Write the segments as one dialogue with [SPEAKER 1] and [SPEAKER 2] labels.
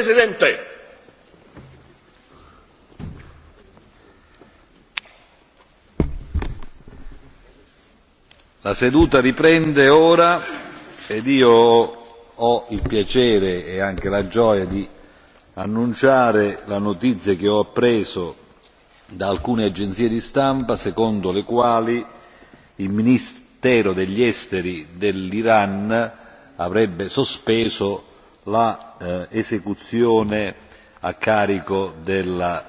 [SPEAKER 1] presidente. La seduta riprende ora ed io ho il piacere e anche la gioia di annunciare la notizia che ho appreso da alcune agenzie di stampa secondo le quali il Ministero degli Esteri dell'Iran avrebbe sospeso la Eh, esecuzione a carico della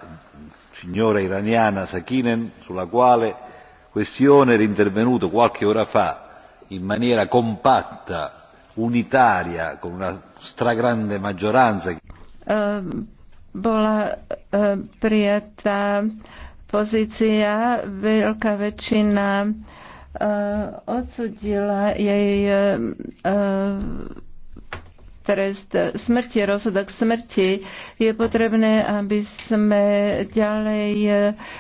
[SPEAKER 1] signora iraniana Sakinen, sulla quale questione era intervenuto qualche ora fa in maniera compatta, unitaria, con una stragrande maggioranza.
[SPEAKER 2] Um bola ehm, prijatá pozícia, veľká väčšina eh, odsudila jej eh, trest smrti, rozsudok smrti, je potrebné, aby sme ďalej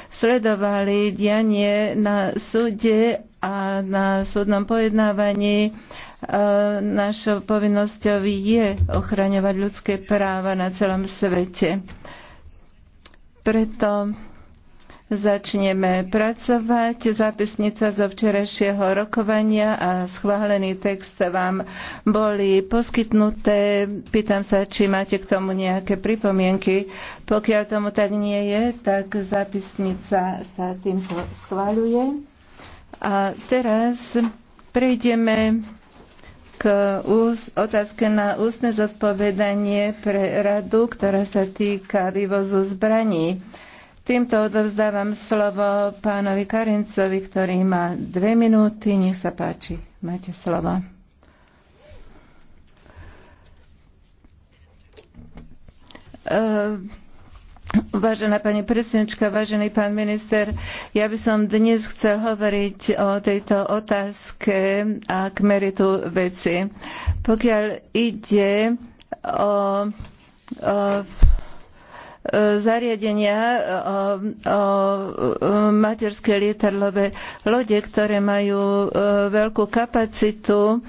[SPEAKER 2] sledovali dianie na súde a na súdnom pojednávaní našou povinnosťou je ochraňovať ľudské práva na celom svete. Preto začneme pracovať. Zápisnica zo včerajšieho rokovania a schválený text vám boli poskytnuté. Pýtam sa, či máte k tomu nejaké pripomienky. Pokiaľ tomu tak nie je, tak zápisnica sa týmto schváľuje. A teraz prejdeme k otázke na ústne zodpovedanie pre radu, ktorá sa týka vývozu zbraní. Týmto odovzdávam slovo pánovi Karincovi, ktorý má dve minúty. Nech sa páči, máte slovo. Uh, Vážená pani presnečka, vážený pán minister, ja by som dnes chcel hovoriť o tejto otázke a k meritu veci. Pokiaľ ide o, o zariadenia, e, o e, materské lietadlové lode, ktoré majú e, veľkú kapacitu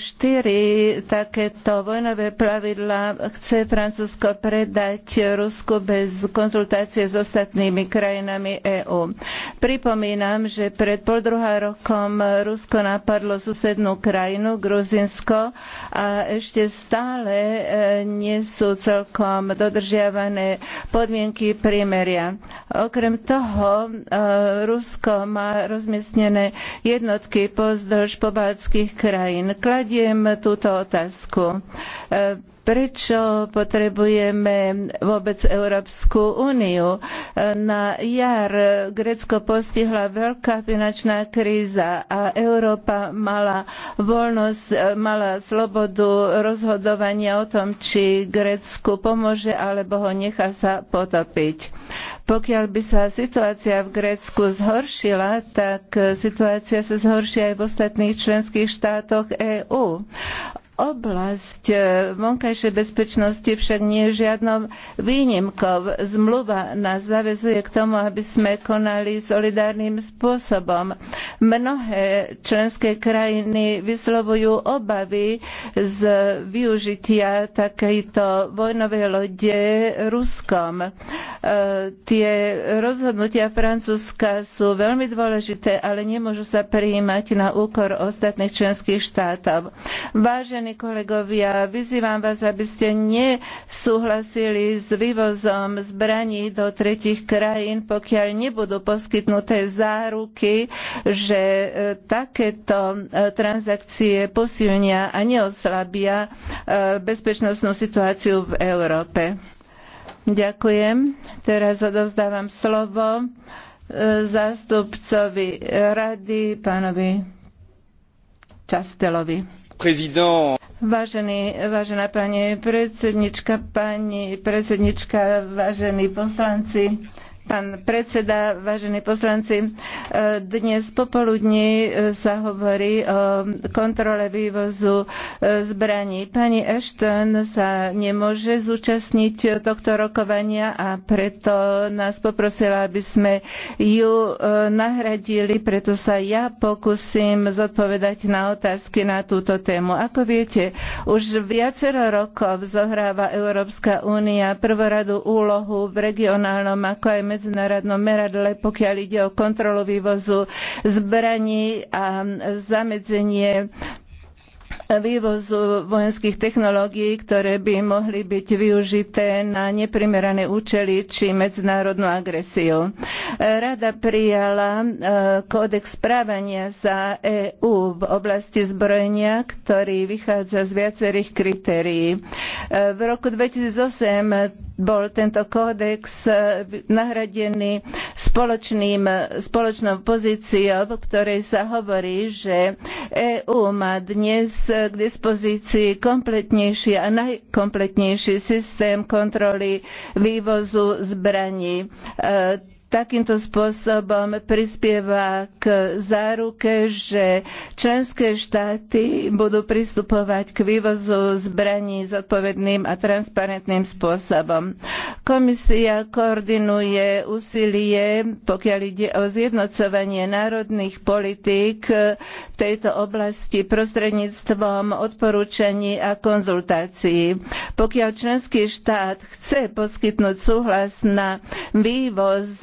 [SPEAKER 2] Štyri takéto vojnové pravidla chce Francúzsko predať Rusku bez konzultácie s ostatnými krajinami EÚ. Pripomínam, že pred poldruhá rokom Rusko napadlo susednú krajinu, Gruzinsko, a ešte stále e, nie sú celkom dodržiavané podmienky prímeria. Okrem toho, e, Rusko má rozmiestnené jednotky pozdĺž pobaltských krajín krajín. Kladiem túto otázku. E, prečo potrebujeme vôbec Európsku úniu? E, na jar Grécko postihla veľká finančná kríza a Európa mala voľnosť, e, mala slobodu rozhodovania o tom, či Grécku pomôže alebo ho nechá sa potopiť. Pokiaľ by sa situácia v Grécku zhoršila, tak situácia sa zhorší aj v ostatných členských štátoch EÚ. Oblasť e, vonkajšej bezpečnosti však nie je žiadnou výnimkou. Zmluva nás zavezuje k tomu, aby sme konali solidárnym spôsobom. Mnohé členské krajiny vyslovujú obavy z využitia takejto vojnovej lode Ruskom. E, tie rozhodnutia Francúzska sú veľmi dôležité, ale nemôžu sa prijímať na úkor ostatných členských štátov. Vážený Vážení kolegovia, vyzývam vás, aby ste nesúhlasili s vývozom zbraní do tretich krajín, pokiaľ nebudú poskytnuté záruky, že e, takéto e, transakcie posilnia a neoslabia e, bezpečnostnú situáciu v Európe. Ďakujem. Teraz odovzdávam slovo zástupcovi rady, pánovi Častelovi.
[SPEAKER 1] Prezident.
[SPEAKER 2] Vážený, vážená pani predsednička, pani predsednička, vážení poslanci, Pán predseda, vážení poslanci, e, dnes popoludní e, sa hovorí o kontrole vývozu e, zbraní. Pani Ashton sa nemôže zúčastniť tohto rokovania a preto nás poprosila, aby sme ju nahradili, preto sa ja pokúsim zodpovedať na otázky na túto tému. Ako viete, už viacero rokov zohráva Európska únia prvoradú úlohu v regionálnom ako aj medzinárodnom meradle, pokiaľ ide o kontrolu vývozu zbraní a zamedzenie vývozu vojenských technológií, ktoré by mohli byť využité na neprimerané účely či medzinárodnú agresiu. Rada prijala e, kódex správania za EÚ v oblasti zbrojenia, ktorý vychádza z viacerých kritérií. E, v roku 2008 bol tento kódex eh, nahradený spoločným, spoločnou pozíciou, v ktorej sa hovorí, že EÚ má dnes k dispozícii kompletnejší a najkompletnejší systém kontroly vývozu zbraní eh, Takýmto spôsobom prispieva k záruke, že členské štáty budú pristupovať k vývozu zbraní zodpovedným a transparentným spôsobom. Komisia koordinuje úsilie, pokiaľ ide o zjednocovanie národných politík v tejto oblasti prostredníctvom odporúčaní a konzultácií. Pokiaľ členský štát chce poskytnúť súhlas na vývoz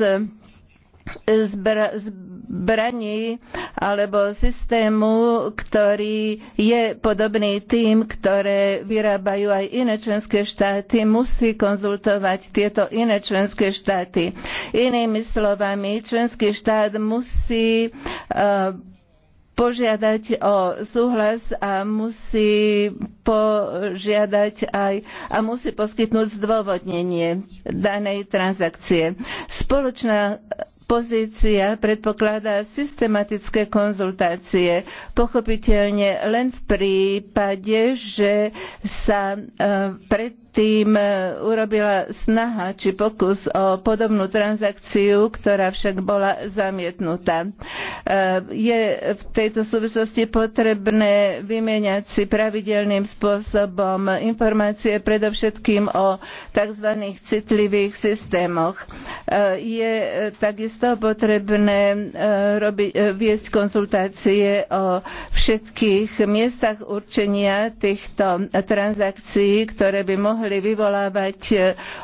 [SPEAKER 2] zbra, zbraní alebo systému, ktorý je podobný tým, ktoré vyrábajú aj iné členské štáty, musí konzultovať tieto iné členské štáty. Inými slovami, členský štát musí uh, požiadať o súhlas a musí požiadať aj a musí poskytnúť zdôvodnenie danej transakcie. Spoločná pozícia predpokladá systematické konzultácie. Pochopiteľne len v prípade, že sa e, predtým e, urobila snaha či pokus o podobnú transakciu, ktorá však bola zamietnutá. E, je v tejto súvislosti potrebné vymieňať si pravidelným spôsobom informácie predovšetkým o tzv. citlivých systémoch. Je takisto takisto potrebné e, robiť, e, viesť konzultácie o všetkých miestach určenia týchto transakcií, ktoré by mohli vyvolávať e,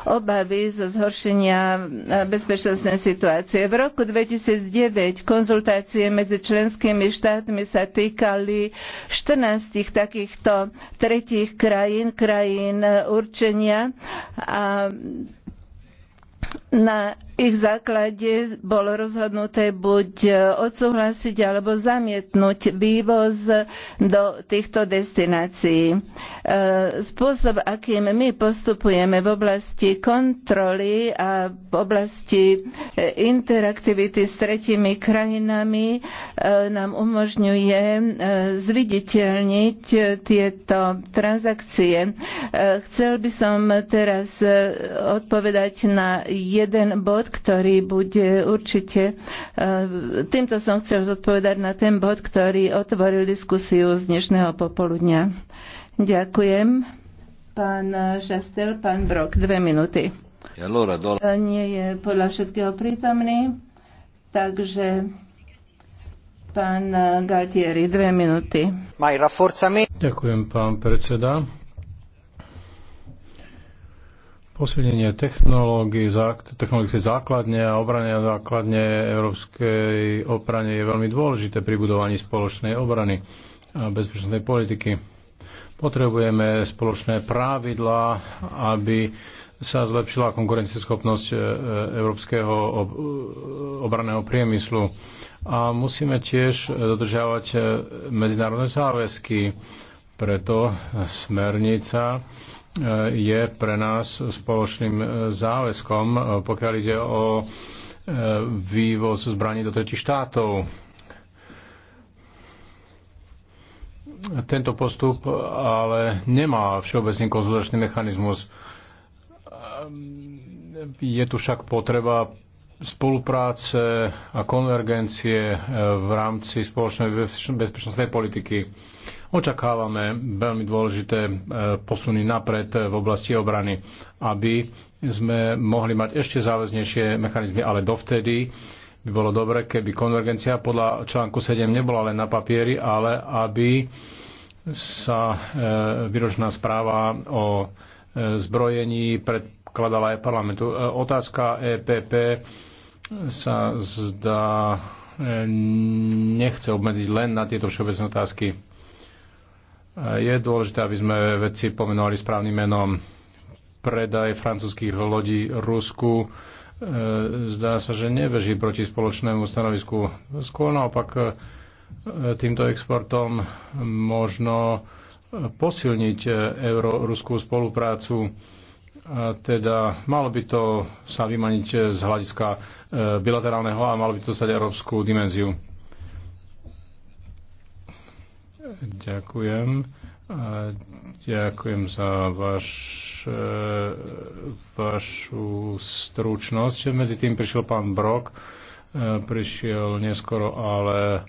[SPEAKER 2] obavy zo zhoršenia bezpečnostnej situácie. V roku 2009 konzultácie medzi členskými štátmi sa týkali 14 takýchto tretích krajín, krajín určenia a na ich základe bolo rozhodnuté buď e, odsúhlasiť alebo zamietnúť vývoz do týchto destinácií. E, spôsob, akým my postupujeme v oblasti kontroly a v oblasti e, interaktivity s tretimi krajinami, nám umožňuje zviditeľniť tieto transakcie. Chcel by som teraz odpovedať na jeden bod, ktorý bude určite... Eh, týmto som chcel zodpovedať na ten bod, ktorý otvoril diskusiu z dnešného popoludňa. Ďakujem. Pán Šastel, pán Brok, dve minúty.
[SPEAKER 1] E
[SPEAKER 3] eh,
[SPEAKER 2] nie je podľa všetkého prítomný, takže pán Galtieri, dve minúty.
[SPEAKER 3] Ďakujem, pán predseda posilnenie technológií, technologické základne a obrania základne európskej obrane je veľmi dôležité pri budovaní spoločnej obrany a bezpečnostnej politiky. Potrebujeme spoločné právidlá, aby sa zlepšila konkurencieschopnosť e, európskeho e, obranného priemyslu. A musíme tiež dodržiavať e, medzinárodné záväzky. Preto smernica je pre nás spoločným záväzkom, pokiaľ ide o e, vývoz zbraní do tretich štátov. Tento postup ale nemá všeobecný konzultačný mechanizmus. Je tu však potreba spolupráce a konvergencie e, v rámci spoločnej bezpečnostnej politiky. Očakávame veľmi dôležité e, posuny napred e, v oblasti obrany, aby sme mohli mať ešte záväznejšie mechanizmy, ale dovtedy by bolo dobre, keby konvergencia podľa článku 7 nebola len na papieri, ale aby sa e, výročná správa o zbrojení predkladala aj parlamentu. Otázka EPP sa zdá nechce obmedziť len na tieto všeobecné otázky. Je dôležité, aby sme veci pomenovali správnym menom. Predaj francúzských lodí Rusku e, zdá sa, že nebeží proti spoločnému stanovisku. Skôr naopak e, týmto exportom možno posilniť e, euro-ruskú spoluprácu. A teda malo by to sa vymaniť z hľadiska bilaterálneho a malo by to stať európsku dimenziu. Ďakujem. A ďakujem za vaš, e, vašu stručnosť. Medzi tým prišiel pán Brok, e, prišiel neskoro, ale e,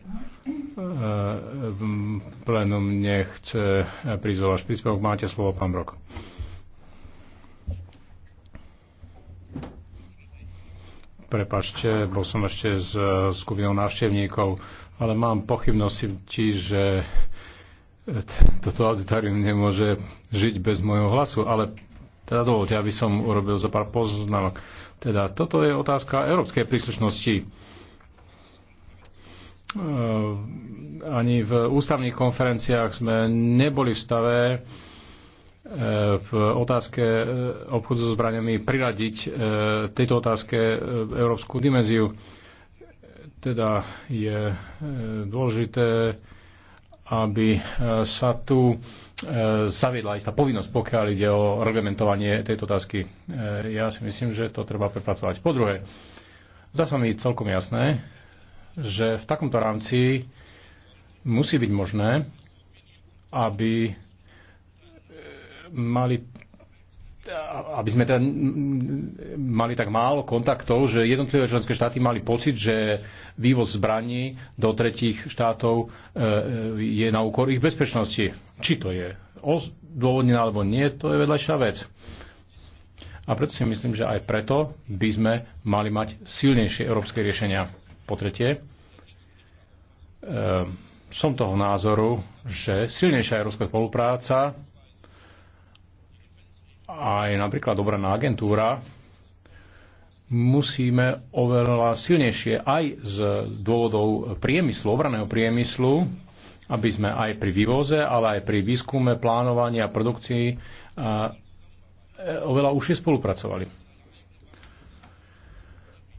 [SPEAKER 3] plenum nechce prísť váš príspevok. Máte slovo, pán Brok. Prepačte, bol som ešte s skupinou návštevníkov ale mám pochybnosti, že toto auditorium nemôže žiť bez môjho hlasu, ale teda dovolte, aby som urobil za pár poznámok. Teda toto je otázka európskej príslušnosti. Ehm, ani v ústavných konferenciách sme neboli v stave ehm, v otázke e, obchodu so zbraniami priradiť e, tejto otázke e, európsku dimenziu teda je e, dôležité, aby e, sa tu e, zaviedla istá povinnosť, pokiaľ ide o reglementovanie tejto otázky. Ja si myslím, že to treba prepracovať. Po druhé, zdá sa mi celkom jasné, že v takomto rámci musí byť možné, aby mali aby sme teda mali tak málo kontaktov, že jednotlivé členské štáty mali pocit, že vývoz zbraní do tretích štátov e, e, je na úkor ich bezpečnosti. Či to je dôvodnené alebo nie, to je vedľajšia vec. A preto si myslím, že aj preto by sme mali mať silnejšie európske riešenia. Po tretie, e, som toho názoru, že silnejšia európska spolupráca aj napríklad obranná agentúra, musíme oveľa silnejšie aj z dôvodov priemyslu, obraného priemyslu, aby sme aj pri vývoze, ale aj pri výskume, plánovaní a produkcii a e, oveľa užšie spolupracovali.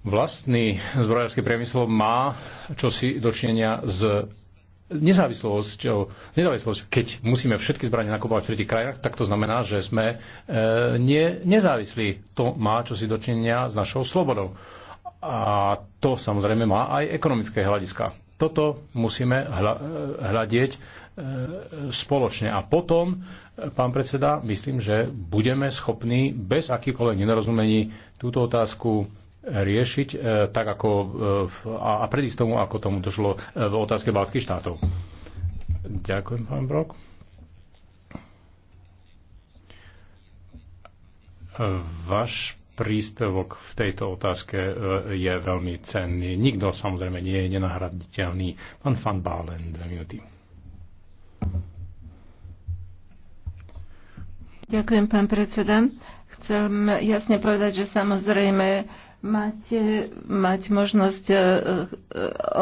[SPEAKER 3] Vlastný zbrojársky priemysel má čosi dočinenia s nezávislosť, keď musíme všetky zbranie nakupovať v tretich krajinách, tak to znamená, že sme e, nezávislí. To má čo si dočinenia s našou slobodou. A to samozrejme má aj ekonomické hľadiska. Toto musíme hľa, e, hľadieť e, spoločne. A potom, e, pán predseda, myslím, že budeme schopní bez akýkoľvek nerozumení túto otázku riešiť e, tak ako, e, a predísť tomu, ako tomu došlo e, v otázke balských štátov. Ďakujem, pán Brok. Váš príspevok v tejto otázke je veľmi cenný. Nikto samozrejme nie je nenahraditeľný. Pán Van Balen, dve minúty.
[SPEAKER 2] Ďakujem, pán predseda. Chcem jasne povedať, že samozrejme mať, mať možnosť e, e,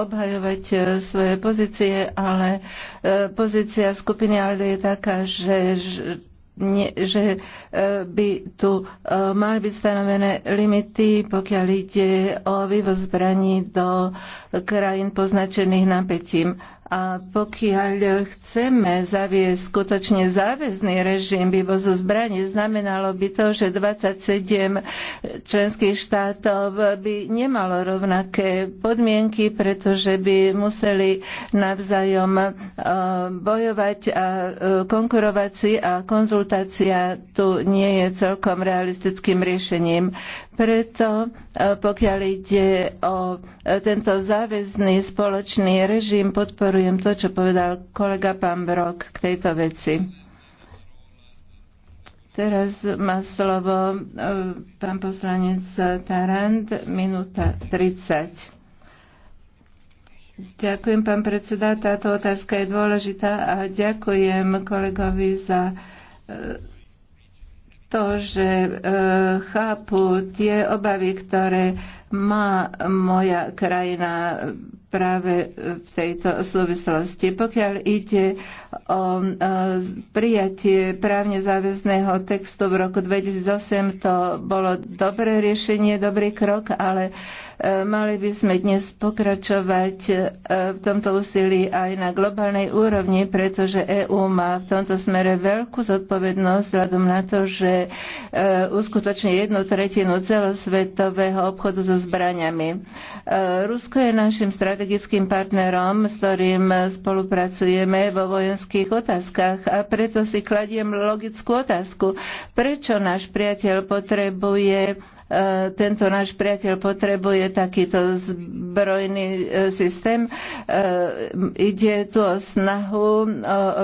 [SPEAKER 2] obhajovať e, svoje pozície, ale pozícia skupiny ALDE je taká, že nie, že by tu mali byť stanovené limity, pokiaľ ide o vývoz zbraní do krajín poznačených napätím. A pokiaľ chceme zaviesť skutočne záväzný režim vývozu zbraní, znamenalo by to, že 27 členských štátov by nemalo rovnaké podmienky, pretože by museli navzájom e, bojovať a e, konkurovať si a konzultácia tu nie je celkom realistickým riešením. Preto, e, pokiaľ ide o e, tento záväzný spoločný režim, podporujem to, čo povedal kolega pán Brok k tejto veci. Teraz má slovo e, pán poslanec Tarand, minúta 30. Ďakujem, pán predseda. Táto otázka je dôležitá a ďakujem kolegovi za to, že e, chápu tie obavy, ktoré má moja krajina práve v tejto súvislosti. Pokiaľ ide o prijatie právne záväzného textu v roku 2008, to bolo dobré riešenie, dobrý krok, ale e, mali by sme dnes pokračovať e, v tomto úsilí aj na globálnej úrovni, pretože EÚ má v tomto smere veľkú zodpovednosť vzhľadom na to, že e, uskutoční jednu tretinu celosvetového obchodu so zbraniami. Rusko je našim strategickým strategickým partnerom, s ktorým spolupracujeme vo vojenských otázkach a preto si kladiem logickú otázku. Prečo náš priateľ potrebuje E, tento náš priateľ potrebuje takýto zbrojný e, systém. E, ide tu o snahu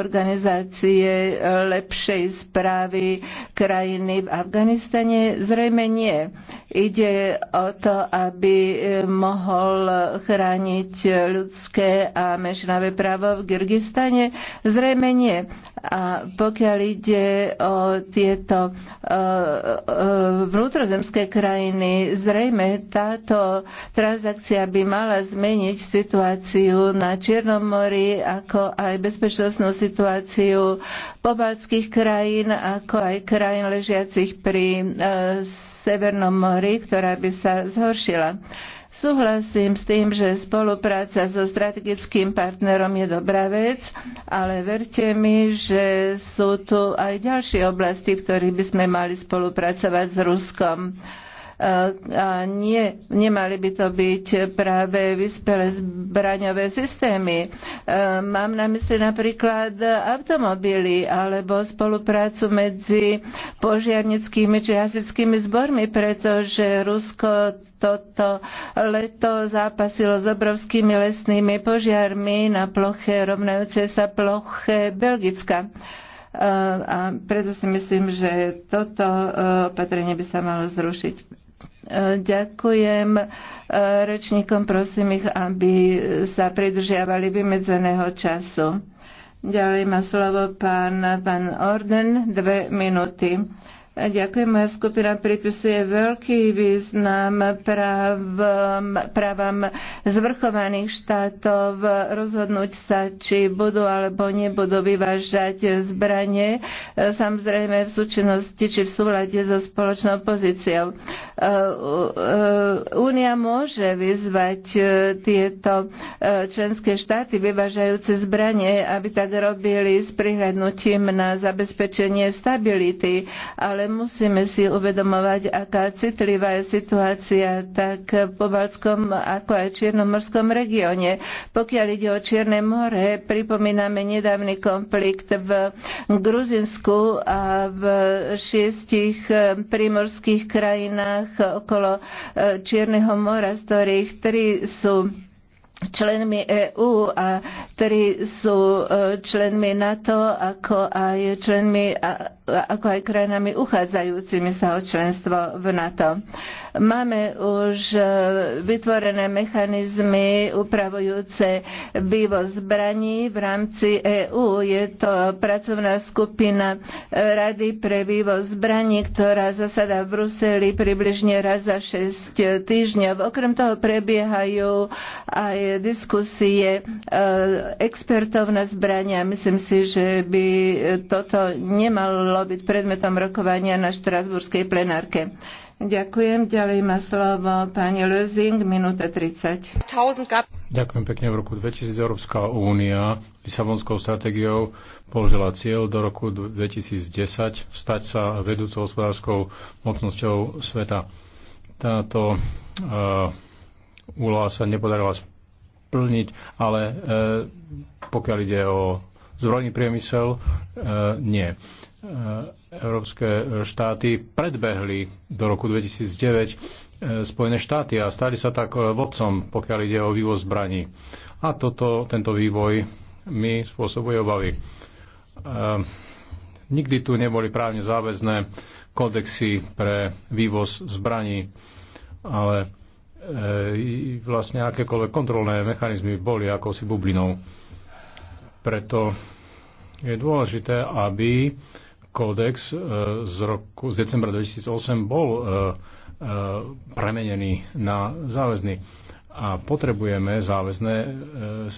[SPEAKER 2] organizácie lepšej správy krajiny v Afganistane? Zrejme nie. Ide o to, aby mohol chrániť ľudské a mešinové právo v Kyrgyzstane? Zrejme nie. A pokiaľ ide o tieto vnútrozemské krajiny. Zrejme táto transakcia by mala zmeniť situáciu na Čiernom mori, ako aj bezpečnostnú situáciu pobaltských krajín, ako aj krajín ležiacich pri eh, Severnom mori, ktorá by sa zhoršila. Súhlasím s tým, že spolupráca so strategickým partnerom je dobrá vec, ale verte mi, že sú tu aj ďalšie oblasti, v ktorých by sme mali spolupracovať s Ruskom a nie, nemali by to byť práve vyspelé zbraňové systémy. Mám na mysli napríklad automobily alebo spoluprácu medzi požiarnickými či hasičskými zbormi, pretože Rusko toto leto zápasilo s obrovskými lesnými požiarmi na ploche rovnajúcej sa ploche Belgicka. A preto si myslím, že toto e, opatrenie by sa malo zrušiť. Ďakujem e, rečníkom, prosím ich, aby sa pridržiavali vymedzeného času. Ďalej má slovo pán, pán Orden, dve minúty. Ďakujem. Moja skupina pripisuje veľký význam právom, právam zvrchovaných štátov rozhodnúť sa, či budú alebo nebudú vyvážať zbranie, samozrejme v súčinnosti či v súlade so spoločnou pozíciou. Uh, uh, Únia môže vyzvať uh, tieto členské štáty vyvážajúce zbranie, aby tak robili s prihľadnutím na zabezpečenie stability, ale ale musíme si uvedomovať, aká citlivá je situácia tak po Balskom, ako aj Čiernomorskom regióne. Pokiaľ ide o Čierne more, pripomíname nedávny konflikt v Gruzinsku a v šiestich eh, primorských krajinách okolo eh, Čierneho mora, z ktorých tri sú členmi EÚ a tri sú eh, členmi NATO, ako aj členmi ako aj krajinami uchádzajúcimi sa o členstvo v NATO. Máme už vytvorené mechanizmy upravujúce vývoz zbraní v rámci EÚ. Je to pracovná skupina Rady pre vývoz zbraní, ktorá zasada v Bruseli približne raz za 6 týždňov. Okrem toho prebiehajú aj diskusie e, expertov na zbrania. Myslím si, že by toto nemalo malo byť predmetom rokovania na štrasburskej plenárke. Ďakujem. Ďalej má slovo pani Lusing, minúta 30.
[SPEAKER 3] Ďakujem pekne. V roku 2000 Európska únia Lisabonskou stratégiou položila cieľ do roku 2010 stať sa vedúcou hospodárskou mocnosťou sveta. Táto uh, úloha sa nepodarila splniť, ale uh, pokiaľ ide o zbrojný priemysel, uh, nie. Eh, európske eh, štáty predbehli do roku 2009 eh, Spojené štáty a stali sa tak vodcom, pokiaľ ide o vývoz zbraní. A toto, tento vývoj mi spôsobuje obavy. Nikdy tu neboli právne záväzné kodexy pre vývoz zbraní, ale vlastne akékoľvek kontrolné mechanizmy boli ako si bublinou. Preto je dôležité, aby kódex e, z, roku, z decembra 2008 bol e, e, premenený na záväzný. A potrebujeme záväzné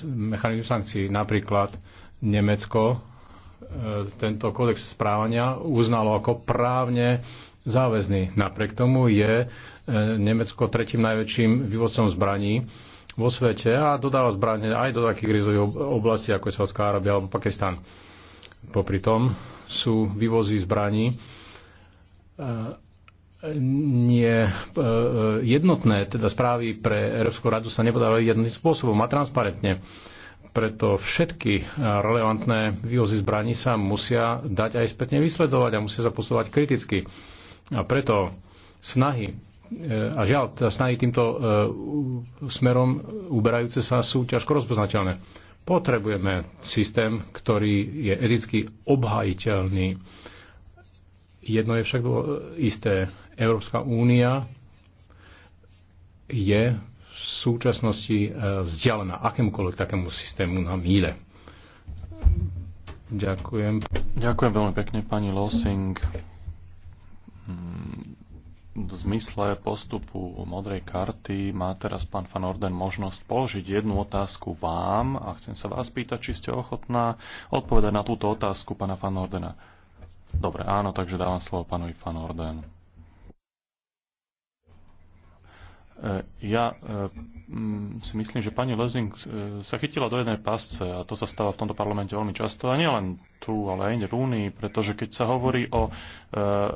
[SPEAKER 3] mechanizmy sankcií. Napríklad Nemecko tento kódex správania uznalo ako právne záväzný. Napriek tomu je Nemecko tretím najväčším vývozcom zbraní vo svete a dodáva zbranie aj do takých rizových oblastí, ako je Svetská Arábia alebo Pakistan. Popri tom sú vývozy zbraní e, nie e, jednotné, teda správy pre Európsku radu sa nepodávajú jedným spôsobom a transparentne. Preto všetky relevantné vývozy zbraní sa musia dať aj spätne vysledovať a musia sa posúvať kriticky. A preto snahy e, a žiaľ, teda snahy týmto smerom uberajúce sa sú ťažko rozpoznateľné Potrebujeme systém, ktorý je eticky obhajiteľný. Jedno je však isté. Európska únia je v súčasnosti e, vzdialená akémukoľvek takému systému na míle. Ďakujem. Ďakujem veľmi pekne,
[SPEAKER 4] pani Losing v zmysle postupu modrej karty má teraz pán Van Orden možnosť položiť jednu otázku vám a chcem sa vás pýtať, či ste ochotná odpovedať na túto otázku pána Van Ordena. Dobre, áno, takže dávam slovo pánovi Van Ordenu. E, ja e, mm, si myslím, že pani Lezing e, sa chytila do jednej pásce, a to sa stáva v tomto parlamente veľmi často a nielen tu, ale aj inde v Únii, pretože keď sa hovorí o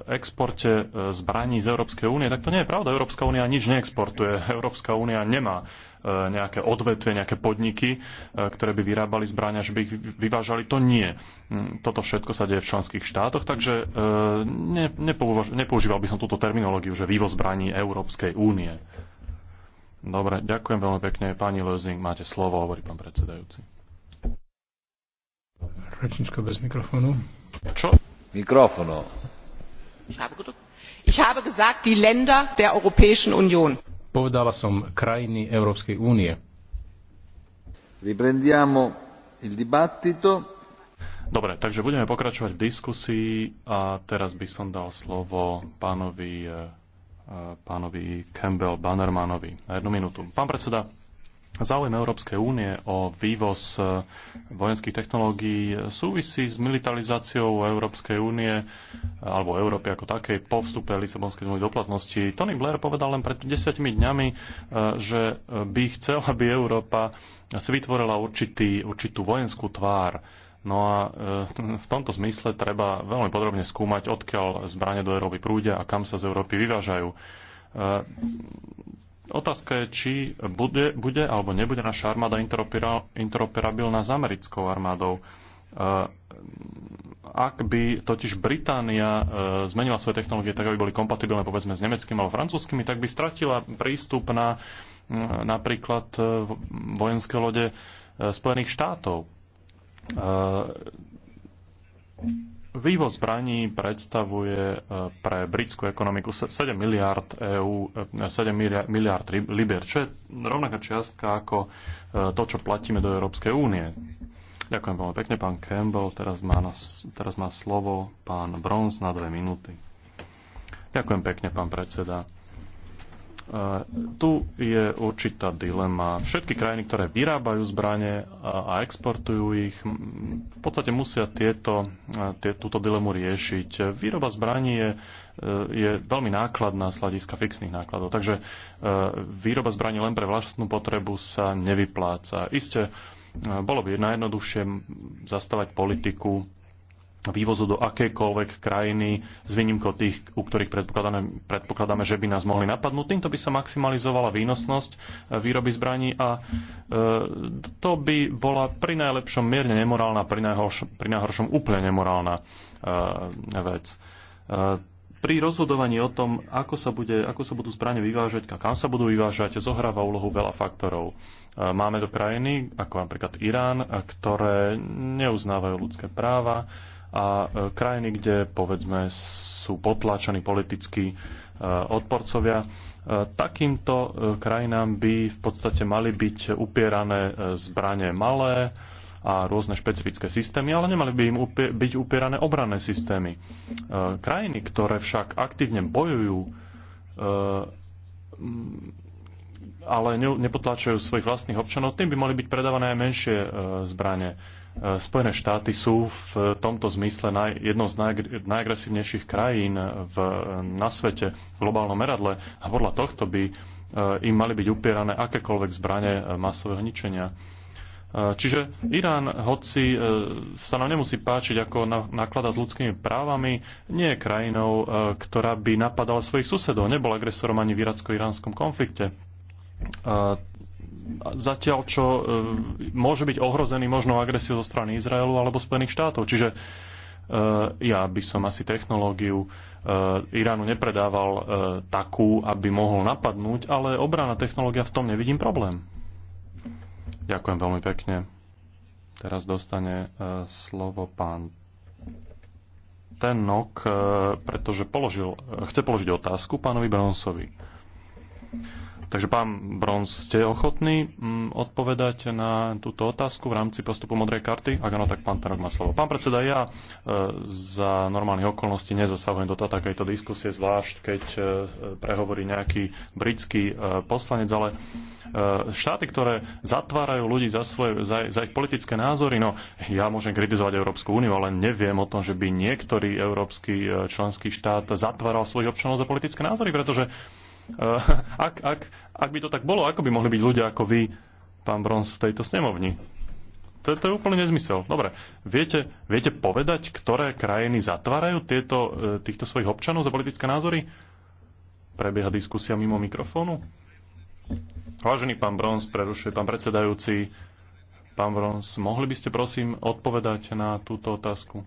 [SPEAKER 4] exporte zbraní z Európskej únie, tak to nie je pravda. Európska únia nič neexportuje. Európska únia nemá E, nejaké odvetvie, nejaké podniky, e, ktoré by vyrábali zbrania, až by ich vyvážali. To nie. Mm, toto všetko sa deje v členských štátoch, takže e, nepoužíval by som túto terminológiu, že vývoz zbraní Európskej únie. Dobre, ďakujem veľmi pekne. Pani Lozing, máte slovo, hovorí pán predsedajúci.
[SPEAKER 3] Rečnička bez mikrofónu. Čo? Mikrofónu.
[SPEAKER 2] Ich habe gesagt, die Länder der Europäischen
[SPEAKER 3] Union. Povedala som krajiny Európskej únie.
[SPEAKER 1] Riprendiamo il
[SPEAKER 4] dibattito. Dobre, takže budeme pokračovať v diskusii a teraz by som dal slovo pánovi, eh, eh, pánovi Campbell Bannermanovi na jednu minútu. Pán predseda, Záujem Európskej únie o vývoz e, vojenských technológií súvisí s militarizáciou Európskej únie e, alebo Európy ako takej po vstupe Lisabonskej zmluvy do platnosti. Tony Blair povedal len pred desiatimi dňami, e, že by chcel, aby Európa si vytvorila určitý, určitú vojenskú tvár. No a v tomto zmysle treba veľmi podrobne skúmať, odkiaľ zbranie do Európy prúdia a kam sa z Európy vyvážajú Otázka je, či bude, bude alebo nebude naša armáda interoperabilná s americkou armádou. Eh, ak by totiž Británia eh, zmenila svoje technológie tak, aby boli kompatibilné povedzme s nemeckými alebo francúzskými, tak by stratila prístup na eh, napríklad vojenské lode Spojených štátov. Vývoz zbraní predstavuje e, pre britskú ekonomiku 7 miliard EU, 7 e, miliard libier, čo je rovnaká čiastka ako e, to, čo platíme do Európskej únie. Ďakujem veľmi pekne, pán Campbell. Teraz má, nás, teraz má slovo pán Brons na dve minúty. Ďakujem pekne, pán predseda. E, tu je určitá dilema. Všetky krajiny, ktoré vyrábajú zbranie a exportujú ich, v podstate musia tieto, e, tie, túto dilemu riešiť. Výroba zbraní je, e, je veľmi nákladná z hľadiska fixných nákladov, takže výroba zbraní len pre vlastnú potrebu sa nevypláca. Isté, bolo by najjednoduchšie zastávať politiku vývozu do akékoľvek krajiny s výnimkou tých, u ktorých predpokladáme, predpokladáme, že by nás mohli napadnúť. Týmto by sa maximalizovala výnosnosť e, výroby zbraní a e, to by bola pri najlepšom mierne nemorálna, pri, najhorš- pri najhoršom úplne nemorálna e, vec. E, pri rozhodovaní o tom, ako sa, bude, ako sa budú zbranie vyvážať a kam sa budú vyvážať, zohráva úlohu veľa faktorov. E, máme do krajiny, ako napríklad Irán, ktoré neuznávajú ľudské práva, a e, krajiny, kde povedzme sú potlačení politickí e, odporcovia. E, takýmto krajinám by v podstate mali byť upierané zbranie malé a rôzne špecifické systémy, ale nemali by im upie- byť upierané obranné systémy. Krajiny, ktoré však aktívne bojujú, ale nepotláčajú svojich vlastných občanov, tým by mali byť predávané aj menšie zbranie Spojené štáty sú v tomto zmysle jednou z najagresívnejších krajín v, na svete v globálnom meradle a podľa tohto by e, im mali byť upierané akékoľvek zbranie e, masového ničenia. E, čiže Irán, hoci sa nám nemusí páčiť, ako naklada s ľudskými právami, nie je krajinou, ktorá by napadala svojich susedov. Nebol agresorom ani v iracko-iránskom konflikte zatiaľ čo e, môže byť ohrozený možno agresiou zo strany Izraelu alebo Spojených štátov. Čiže e, ja by som asi technológiu e, Iránu nepredával takú, aby mohol napadnúť, ale obrana technológia v tom nevidím problém. Ďakujem veľmi pekne. Teraz dostane slovo pán Tenok, pretože položil, chce položiť otázku pánovi Bronsovi. Takže pán Bronz, ste ochotní mm, odpovedať na túto otázku v rámci postupu modrej karty? Ak áno, tak pán Tarok má slovo. Pán predseda, ja e, za normálnych okolností nezasahujem do takejto diskusie, zvlášť keď e, prehovorí nejaký britský e, poslanec, ale štáty, ktoré zatvárajú ľudí za, svoje, za, za ich politické názory, no ja môžem kritizovať Európsku úniu, ale neviem o tom, že by niektorý európsky členský štát zatváral svojich občanov za politické názory, pretože Eh, ak, ak, ak by to tak bolo, ako by mohli byť ľudia ako vy, pán Brons, v tejto snemovni? To, to je úplne nezmysel. Dobre, viete, viete povedať, ktoré krajiny zatvárajú tieto, eh, týchto svojich občanov za politické názory? Prebieha diskusia mimo mikrofónu. Vážený pán Brons, prerušuje pán predsedajúci. Pán Brons, mohli by ste prosím odpovedať na túto otázku?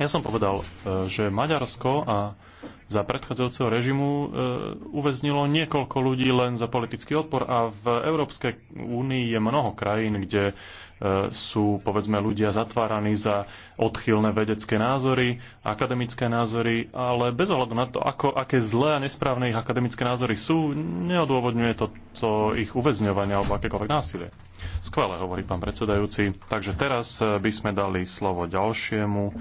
[SPEAKER 4] Ja som povedal, e, že Maďarsko a za predchádzajúceho režimu e, uväznilo niekoľko ľudí len za politický odpor a v Európskej únii je mnoho krajín, kde e, sú, povedzme, ľudia zatváraní za odchylné vedecké názory, akademické názory, ale bez ohľadu na to, ako, aké zlé a nesprávne ich akademické názory sú, neodôvodňuje to, to ich uväzňovanie alebo akékoľvek násilie. Skvelé, hovorí pán predsedajúci. Takže teraz by sme dali slovo ďalšiemu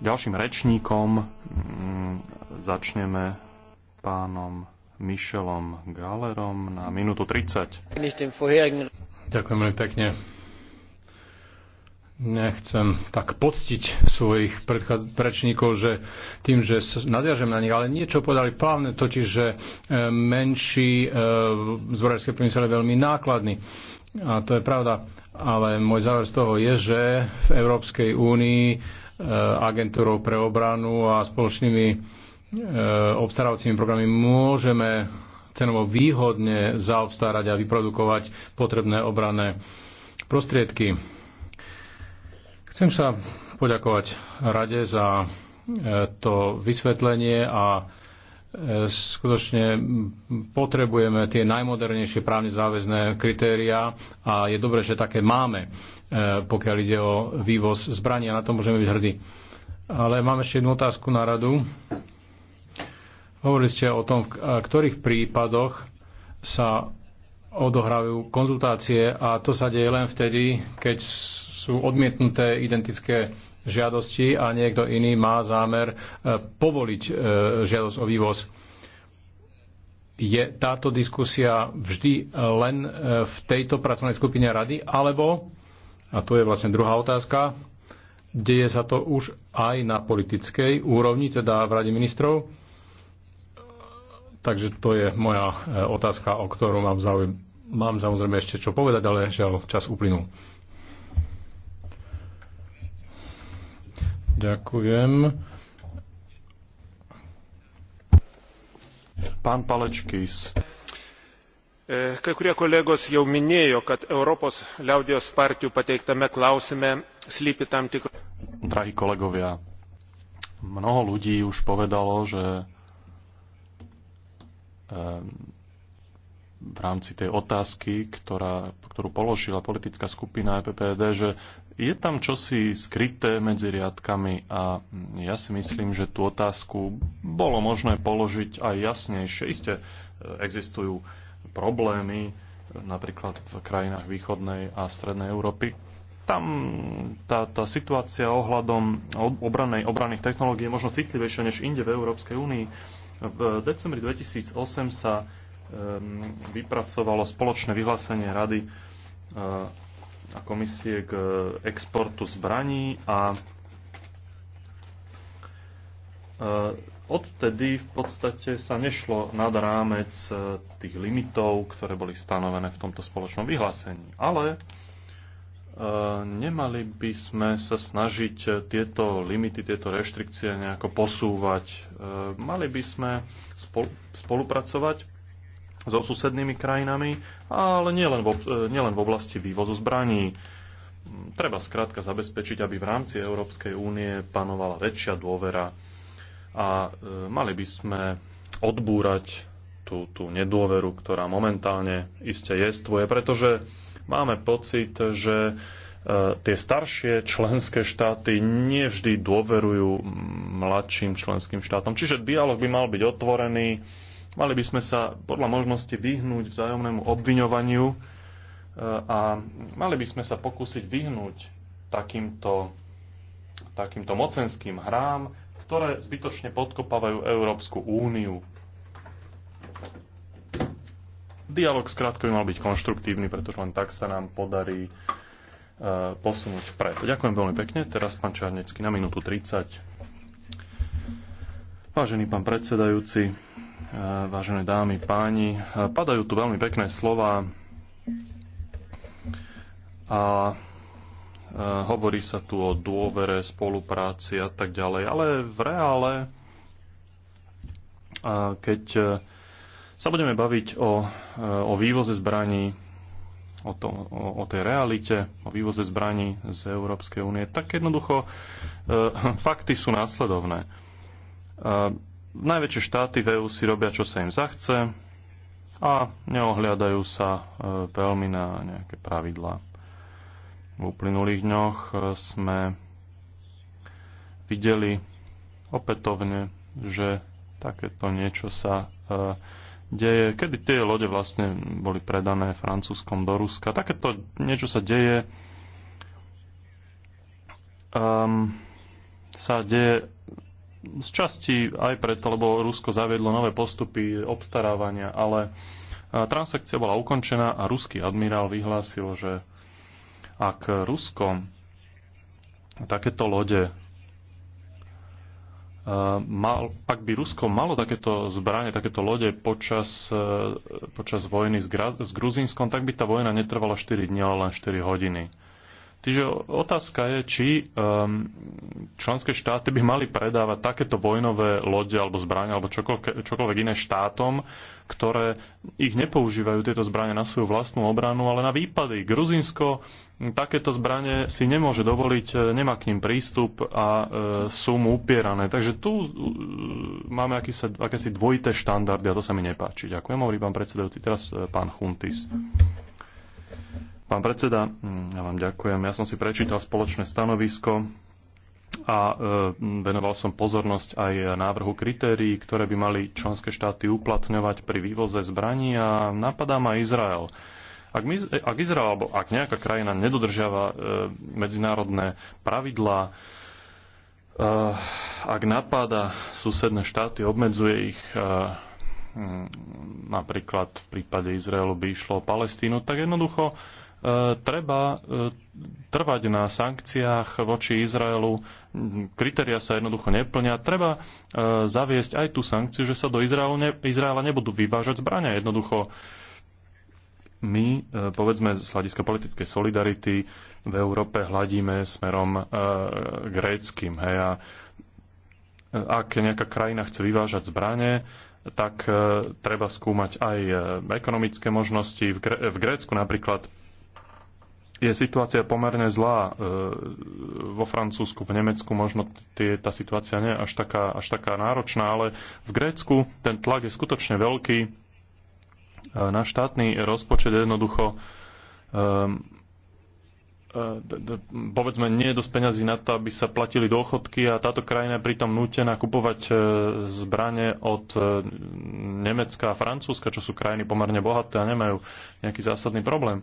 [SPEAKER 4] ďalším rečníkom. Mm, začneme pánom Michelom Galerom na minútu 30.
[SPEAKER 3] Ďakujem veľmi pekne. Nechcem tak poctiť svojich prečníkov, že tým, že nadviažem na nich, ale niečo podali plávne, totiž, že e, menší e, zbrojárske priemysel je veľmi nákladný. A to je pravda. Ale môj záver z toho je, že v Európskej únii Eh, agentúrou pre obranu a spoločnými eh, obstarávacími programy môžeme cenovo výhodne zaobstarať a vyprodukovať potrebné obranné prostriedky. Chcem sa poďakovať Rade za eh, to vysvetlenie a E, skutočne potrebujeme tie najmodernejšie právne záväzné kritériá a je dobré, že také máme, e, pokiaľ ide o vývoz zbrania. Na to môžeme byť hrdí. Ale mám ešte jednu otázku na radu. Hovorili ste o tom, v ktorých prípadoch sa odohrávajú konzultácie a to sa deje len vtedy, keď sú odmietnuté identické žiadosti a niekto iný má zámer e, povoliť e, žiadosť o vývoz. Je táto diskusia vždy len e, v tejto pracovnej skupine rady, alebo, a to je vlastne druhá otázka, deje sa to už aj na politickej úrovni, teda v Rade ministrov? Takže to je moja otázka, o ktorú mám záujem. Mám samozrejme ešte čo povedať, ale žiaľ, čas uplynul. Ďakujem.
[SPEAKER 4] Pán Palečkis. E, kai kurie kolegos jau minėjo, kad Europos liaudijos partijų pateiktame klausime slypi tam tikrų. Drahí kolegovia, mnoho ľudí už povedalo, že v rámci tej otázky, ktorá, ktorú položila politická skupina EPPD, e že je tam čosi skryté medzi riadkami a ja si myslím, že tú otázku bolo možné položiť aj jasnejšie. Isté e, existujú problémy napríklad v krajinách východnej a strednej Európy. Tam tá, tá situácia ohľadom obranej, obranných technológií je možno citlivejšia než inde v Európskej únii. V decembri 2008 sa Ehm, vypracovalo spoločné vyhlásenie Rady eh, a komisie k eh, exportu zbraní a eh, odtedy v podstate sa nešlo nad rámec tých limitov, ktoré boli stanovené v tomto spoločnom vyhlásení. Ale nemali by sme sa snažiť tieto limity, tieto reštrikcie nejako posúvať. Mali by sme spolupracovať so susednými krajinami, ale nielen v, e, nielen v oblasti vývozu zbraní. Treba skrátka zabezpečiť, aby v rámci Európskej únie panovala väčšia dôvera a e, mali by sme odbúrať tú, tú nedôveru, ktorá momentálne iste jestvuje, pretože máme pocit, že e, tie staršie členské štáty nevždy dôverujú mladším členským štátom. Čiže dialog by mal byť otvorený, Mali by sme sa podľa možnosti vyhnúť vzájomnému obviňovaniu e, a mali by sme sa pokúsiť vyhnúť takýmto, takýmto mocenským hrám, ktoré zbytočne podkopávajú Európsku úniu. Dialóg skrátko by mal byť konštruktívny, pretože len tak sa nám podarí e, posunúť vpred. Ďakujem veľmi pekne. Teraz pán Čarnecký na minútu 30. Vážený pán predsedajúci, vážené dámy, páni. Padajú tu veľmi pekné slova a hovorí sa tu o dôvere, spolupráci a tak ďalej. Ale v reále, keď e, sa budeme baviť o, e, o vývoze zbraní, o, tom, o, o tej realite, o vývoze zbraní z Európskej únie, tak jednoducho e, fakty sú následovné. E, najväčšie štáty v EÚ si robia, čo sa im zachce a neohľadajú sa e, veľmi na nejaké pravidlá. V uplynulých dňoch e, sme videli opätovne, že takéto niečo sa e, deje. Kedy tie lode vlastne boli predané Francúzskom do Ruska? Takéto niečo sa deje. Um, sa deje z časti aj preto, lebo Rusko zaviedlo nové postupy obstarávania, ale e, transakcia bola ukončená a ruský admirál vyhlásil, že ak Rusko takéto lode e, mal, ak by Rusko malo takéto zbranie, takéto lode počas, e, počas vojny s, Gruzínskom, tak by tá vojna netrvala 4 dní, ale len 4 hodiny. Čiže otázka je, či um, členské štáty by mali predávať takéto vojnové lode alebo zbrania alebo čokoľvek, čokoľvek iné štátom, ktoré ich nepoužívajú tieto zbranie na svoju vlastnú obranu, ale na výpady. Gruzinsko hm, takéto zbranie si nemôže dovoliť, e, nemá k ním prístup a e, sú mu upierané. Takže tu e, máme akési, akési dvojité štandardy a to sa mi nepáči. Ďakujem, hovorí pán predsedajúci. Teraz e, pán Chuntis. Mm-hmm. Pán predseda, mm, ja vám ďakujem. Ja som si prečítal spoločné stanovisko a e, venoval som pozornosť aj návrhu kritérií, ktoré by mali členské štáty uplatňovať pri vývoze zbraní a napadá ma Izrael. Ak, my, ak Izrael alebo ak nejaká krajina nedodržiava e, medzinárodné pravidlá, e, ak napáda susedné štáty, obmedzuje ich napríklad v prípade Izraelu by išlo o Palestínu, tak jednoducho treba e, trvať na sankciách voči Izraelu. Kritéria sa jednoducho neplňa. Treba e, zaviesť aj tú sankciu, že sa do Izraelu ne, Izraela nebudú vyvážať zbrania. Jednoducho my, e, povedzme, z hľadiska politickej solidarity v Európe hľadíme smerom gréckým. Hej, a ak nejaká krajina chce vyvážať zbranie, tak treba skúmať aj ekonomické možnosti. V, Grécku napríklad je situácia pomerne zlá. E, vo Francúzsku, v Nemecku možno tie, tá situácia nie je až taká, až taká náročná, ale v Grécku ten tlak je skutočne veľký. E, na štátny rozpočet jednoducho e, povedzme, nie je dosť peňazí na to, aby sa platili dôchodky a táto krajina je pritom nútená kupovať zbranie od Nemecka a Francúzska, čo sú krajiny pomerne bohaté a nemajú nejaký zásadný problém.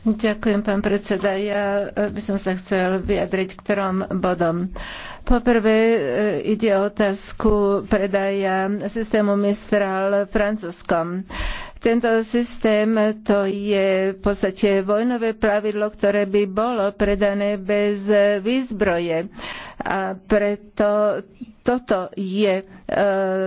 [SPEAKER 2] Ďakujem, pán predseda. Ja e, by som sa chcel vyjadriť k trom bodom. Poprvé e, ide o otázku predaja systému Mistral francúzskom. Tento systém to je v podstate vojnové pravidlo, ktoré by bolo predané bez výzbroje. A preto toto je e,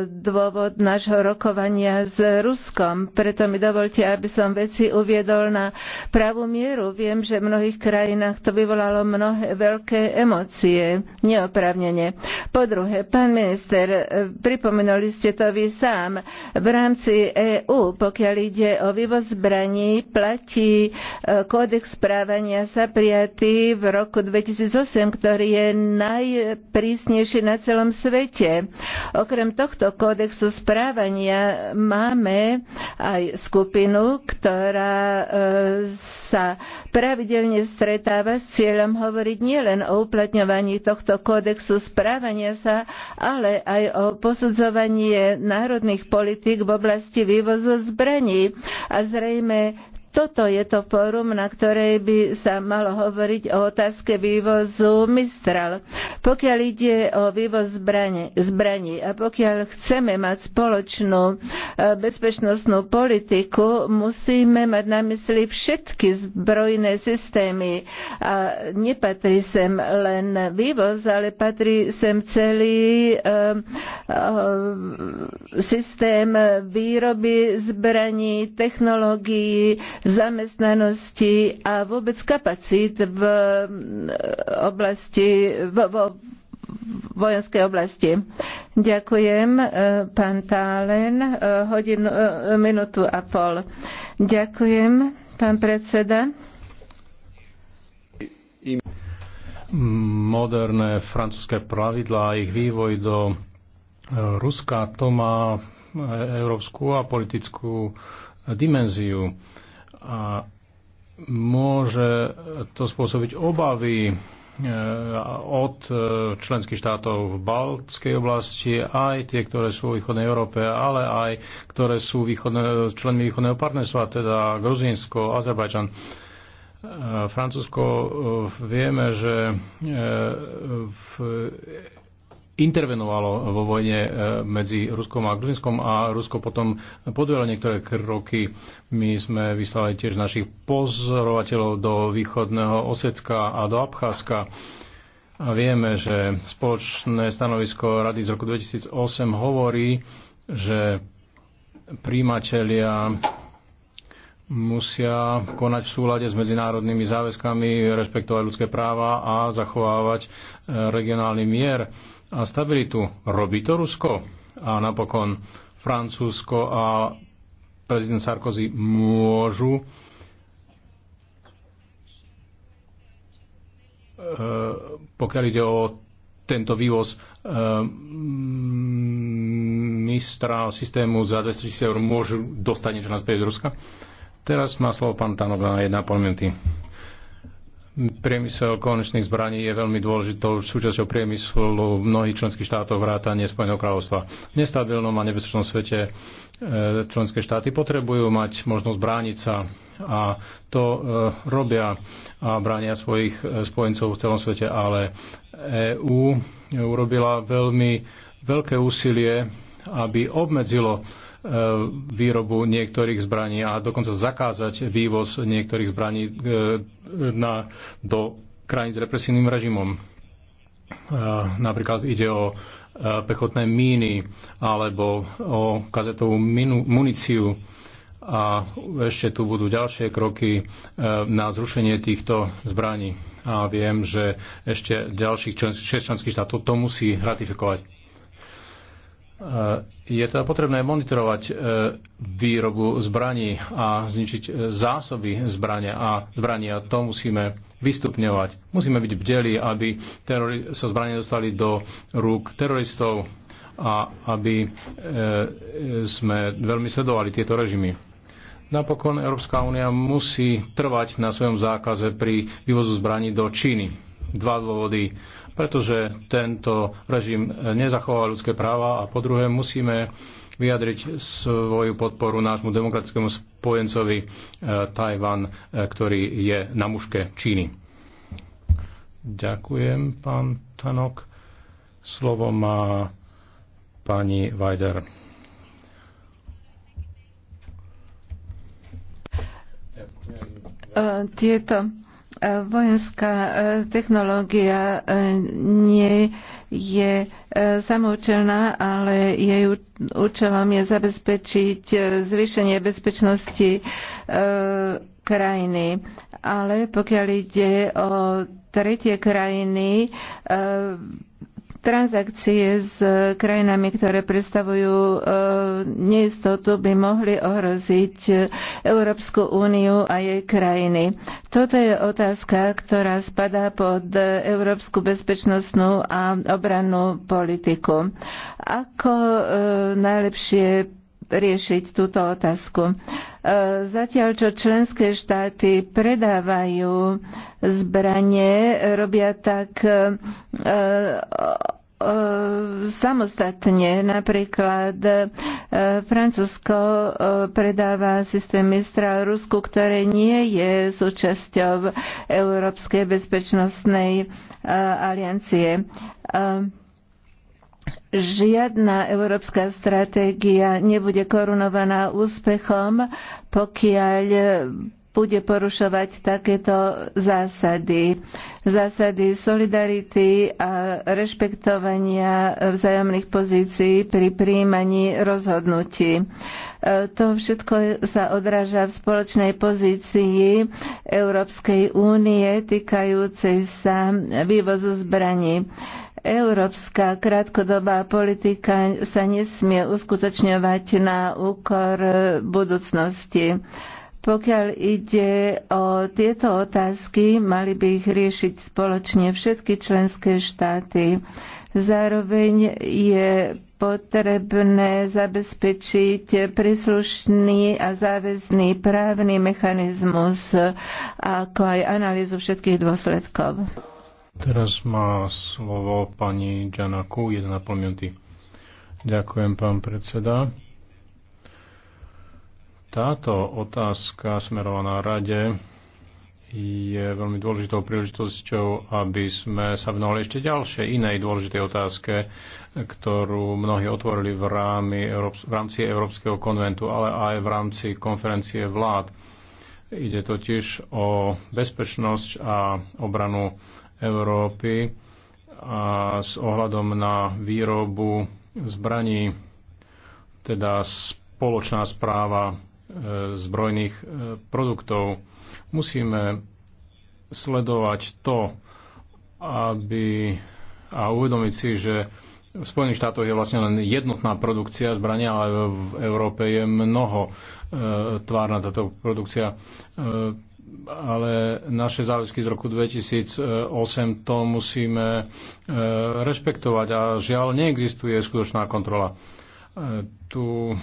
[SPEAKER 2] dôvod nášho rokovania s Ruskom, preto mi dovolte, aby som veci uviedol na pravú mieru. Viem, že v mnohých krajinách to vyvolalo mnohé veľké emócie, neoprávnene. Po druhé, pán minister, e, pripomenuli ste to vy sám. V rámci EÚ, pokiaľ ide o vývoz zbraní, platí e, kódex správania sa prijatý v roku 2008, ktorý je najprísnejší na celom svete svete. Okrem tohto kódexu správania máme aj skupinu, ktorá e, sa pravidelne stretáva s cieľom hovoriť nielen o uplatňovaní tohto kódexu správania sa, ale aj o posudzovaní národných politik v oblasti vývozu zbraní. A zrejme toto je to fórum, na ktorej by sa malo hovoriť o otázke vývozu Mistral. Pokiaľ ide o vývoz zbrane, zbraní a pokiaľ chceme mať spoločnú e, bezpečnostnú politiku, musíme mať na mysli všetky zbrojné systémy. A nepatrí sem len vývoz, ale patrí sem celý e, e, systém výroby zbraní, technológií, zamestnanosti a vôbec kapacít v eh, oblasti, vo, vo vojenskej oblasti. Ďakujem, eh, pán Tálen. Eh, hodinu, minútu a pol. Ďakujem, pán predseda.
[SPEAKER 3] Moderné francúzske pravidlá a ich vývoj do Ruska to má európsku a politickú dimenziu. A môže to spôsobiť obavy e, od e, členských štátov v Baltskej oblasti, aj tie, ktoré sú v východnej Európe, ale aj ktoré sú východne, členmi východného partnerstva, teda Gruzínsko, Azerbajčan. E, Francúzsko vieme, že v intervenovalo vo vojne e, medzi Ruskom a Gruzinskom a Rusko potom podujalo niektoré kroky. My sme vyslali tiež našich pozorovateľov do východného Osecka a do Abcházska. A vieme, že spoločné stanovisko Rady z roku 2008 hovorí, že príjimatelia musia konať v súlade s medzinárodnými záväzkami, rešpektovať ľudské práva a zachovávať e, regionálny mier a stabilitu. Robí to Rusko a napokon Francúzsko a prezident Sarkozy môžu e, pokiaľ ide o tento vývoz e, mistra systému za 230 eur môžu dostať niečo naspäť z Ruska. Teraz má slovo pán Tanov na pol minúty. Priemysel konečných zbraní je veľmi dôležitou súčasťou priemyslu v mnohých členských štátov vrátane Spojeného kráľovstva. V nestabilnom a nebezpečnom svete e, členské štáty potrebujú mať možnosť brániť sa a to e, robia a bránia svojich e, spojencov v celom svete, ale EÚ urobila veľmi veľké úsilie, aby obmedzilo E, výrobu niektorých zbraní a dokonca zakázať vývoz niektorých zbraní e, na, do krajín s represívnym režimom. E, napríklad ide o pechotné míny alebo o kazetovú minu, muníciu a ešte tu budú ďalšie kroky na zrušenie týchto zbraní. A viem, že ešte ďalších členských štátov to musí ratifikovať. E, je teda potrebné monitorovať e, výrobu zbraní a zničiť e, zásoby zbrania a zbrania. To musíme vystupňovať. Musíme byť bdeli, aby sa zbranie dostali do rúk teroristov a aby sme veľmi sledovali tieto režimy. Napokon Európska únia musí trvať na svojom zákaze pri vývozu zbraní do Číny. Dva dôvody pretože tento režim nezachová ľudské práva a po druhé musíme vyjadriť svoju podporu nášmu demokratickému spojencovi eh, Tajvan, eh, ktorý je na muške Číny. Ďakujem, pán Tanok. Slovo má pani Vajder.
[SPEAKER 2] Eh, tieto Vojenská e, technológia e, nie je e, samoučelná, ale jej účelom je zabezpečiť zvýšenie bezpečnosti krajiny. Ale pokiaľ ide o tretie krajiny, Transakcie s krajinami, ktoré predstavujú e, neistotu, by mohli ohroziť Európsku úniu a jej krajiny. Toto je otázka, ktorá spadá pod európsku bezpečnostnú a obrannú politiku. Ako e, najlepšie riešiť túto otázku. E, zatiaľ, čo členské štáty predávajú zbranie, robia tak e, e, samostatne. Napríklad Francúzsko predáva systém Mistral Rusku, ktoré nie je súčasťou Európskej bezpečnostnej aliancie žiadna európska stratégia nebude korunovaná úspechom, pokiaľ bude porušovať takéto zásady. Zásady solidarity a rešpektovania vzájomných pozícií pri príjmaní rozhodnutí. E, to všetko sa odráža v spoločnej pozícii Európskej únie týkajúcej sa vývozu zbraní. Európska krátkodobá politika sa nesmie uskutočňovať na úkor budúcnosti. Pokiaľ ide o tieto otázky, mali by ich riešiť spoločne všetky členské štáty. Zároveň je potrebné zabezpečiť príslušný a záväzný právny mechanizmus, ako aj analýzu všetkých dôsledkov.
[SPEAKER 3] Teraz má slovo pani Janaku, 1,5 minúty. Ďakujem, pán predseda. Táto otázka smerovaná rade je veľmi dôležitou príležitosťou, aby sme sa venovali ešte ďalšej inej dôležitej otázke, ktorú mnohí otvorili v, rámi, v rámci Európskeho konventu, ale aj v rámci konferencie vlád. Ide totiž o bezpečnosť a obranu Európy a s ohľadom na výrobu zbraní, teda spoločná správa e, zbrojných e, produktov. Musíme sledovať to, aby a uvedomiť si, že v Spojených štátoch je vlastne len jednotná produkcia zbrania, ale v Európe je mnoho e, tvárna táto produkcia. E, ale naše záväzky z roku 2008 to musíme e, rešpektovať a žiaľ neexistuje skutočná kontrola. E, tu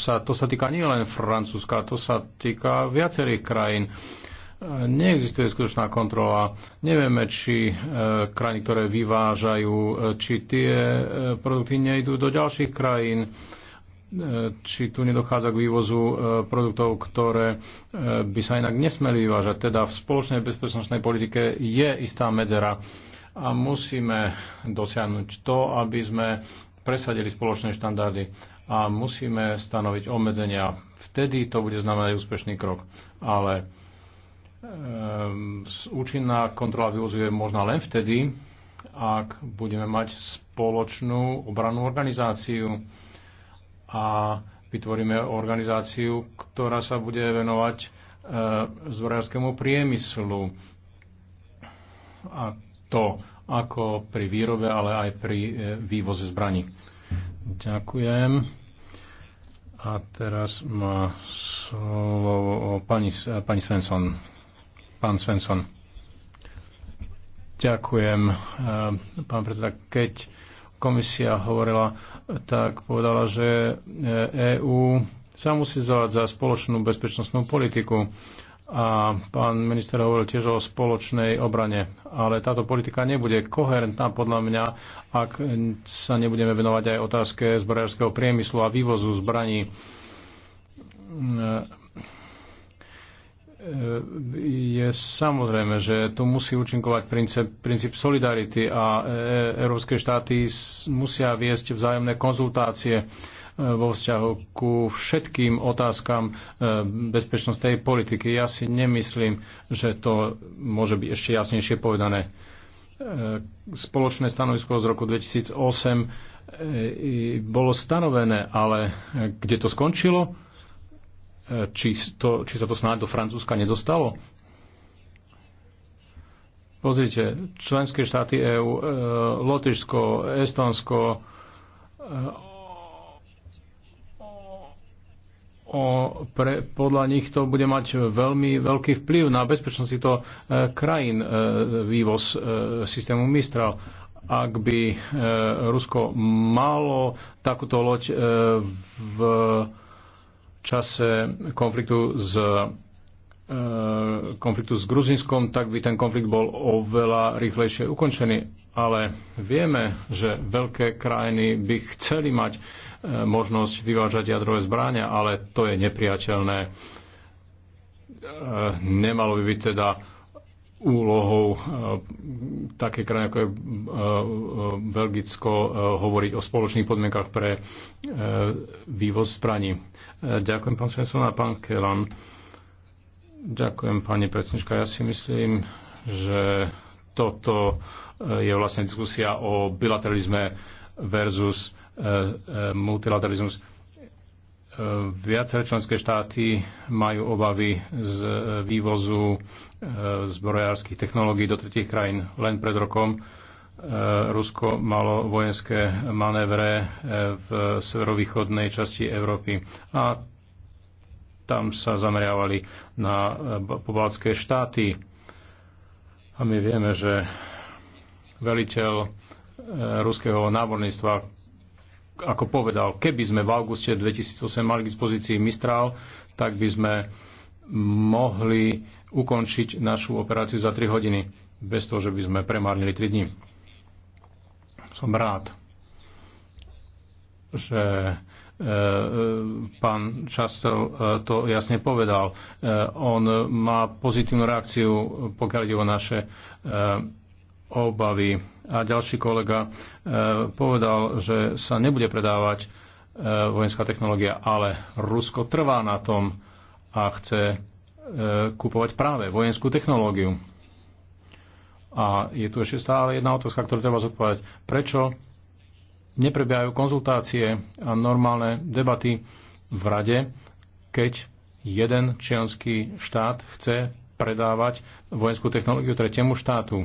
[SPEAKER 3] sa, to sa týka nielen Francúzska, to sa týka viacerých krajín. E, neexistuje skutočná kontrola. Nevieme, či krajiny, ktoré vyvážajú, či tie produkty nejdú do ďalších krajín E, či tu nedochádza k vývozu e, produktov, ktoré e, by sa inak nesmeli vyvážať. Teda v spoločnej bezpečnostnej politike je istá medzera a musíme dosiahnuť to, aby sme presadili spoločné štandardy a musíme stanoviť obmedzenia. Vtedy to bude znamenať úspešný krok. Ale e, účinná kontrola vývozu je možná len vtedy, ak budeme mať spoločnú obranú organizáciu a vytvoríme organizáciu, ktorá sa bude venovať e, zbrojárskému priemyslu. A to ako pri výrobe, ale aj pri e, vývoze zbraní. Ďakujem. A teraz má slovo pani, pani Svensson. Pán Svensson. Ďakujem, e, pán predseda. Keď komisia hovorila, tak povedala, že EÚ e sa musí zavať za spoločnú bezpečnostnú politiku. A pán minister hovoril tiež o spoločnej obrane. Ale táto politika nebude koherentná podľa mňa, ak sa nebudeme venovať aj otázke zbrojárskeho priemyslu a vývozu zbraní e, je samozrejme, že tu musí účinkovať princíp, princíp solidarity a e, e, európske štáty musia viesť vzájomné konzultácie e, vo vzťahu ku všetkým otázkam bezpečnostnej politiky. Ja si nemyslím, že to môže byť ešte jasnejšie povedané. Spoločné stanovisko z roku 2008 bolo stanovené, ale kde to skončilo? či, to, či sa to snáď do Francúzska nedostalo? Pozrite, členské štáty EÚ, e, Lotyšsko, Estonsko, e, o, pre, podľa nich to bude mať veľmi veľký vplyv na bezpečnosť týchto e, krajín e, vývoz e, systému Mistral. Ak by e, Rusko malo takúto loď e, v, čase konfliktu s e, konfliktu s Gruzinskom, tak by ten konflikt bol oveľa rýchlejšie ukončený. Ale vieme, že veľké krajiny by chceli mať e, možnosť vyvážať jadrové zbrania, ale to je nepriateľné. E, nemalo by byť teda úlohou e, také krajiny ako je e, e, Belgicko hovoriť o spoločných podmienkach pre vývoz zbraní. Ďakujem pán Svensson a pán Kelan. Ďakujem pani predsednička. Ja si myslím, že toto je vlastne diskusia o bilateralizme versus multilateralizmus Viaceré členské štáty majú obavy z e, vývozu e, zbrojárskych technológií do tretich krajín. Len pred rokom e, Rusko malo vojenské manévre v severovýchodnej časti Európy a tam sa zameriavali na pobaltské štáty. A my vieme, že veliteľ ruského náborníctva ako povedal, keby sme v auguste 2008 mali k dispozícii Mistral, tak by sme mohli ukončiť našu operáciu za 3 hodiny, bez toho, že by sme premárnili 3 dní. Som rád, že e, e, pán Častel e, to jasne povedal. On má pozitívnu reakciu, pokiaľ ide o naše obavy. A ďalší kolega e, povedal, že sa nebude predávať e, vojenská technológia, ale Rusko trvá na tom a chce e, kupovať práve vojenskú technológiu. A je tu ešte stále jedna otázka, ktorú treba zodpovedať. Prečo neprebiehajú konzultácie a normálne debaty v rade, keď jeden členský štát chce predávať vojenskú technológiu tretiemu štátu?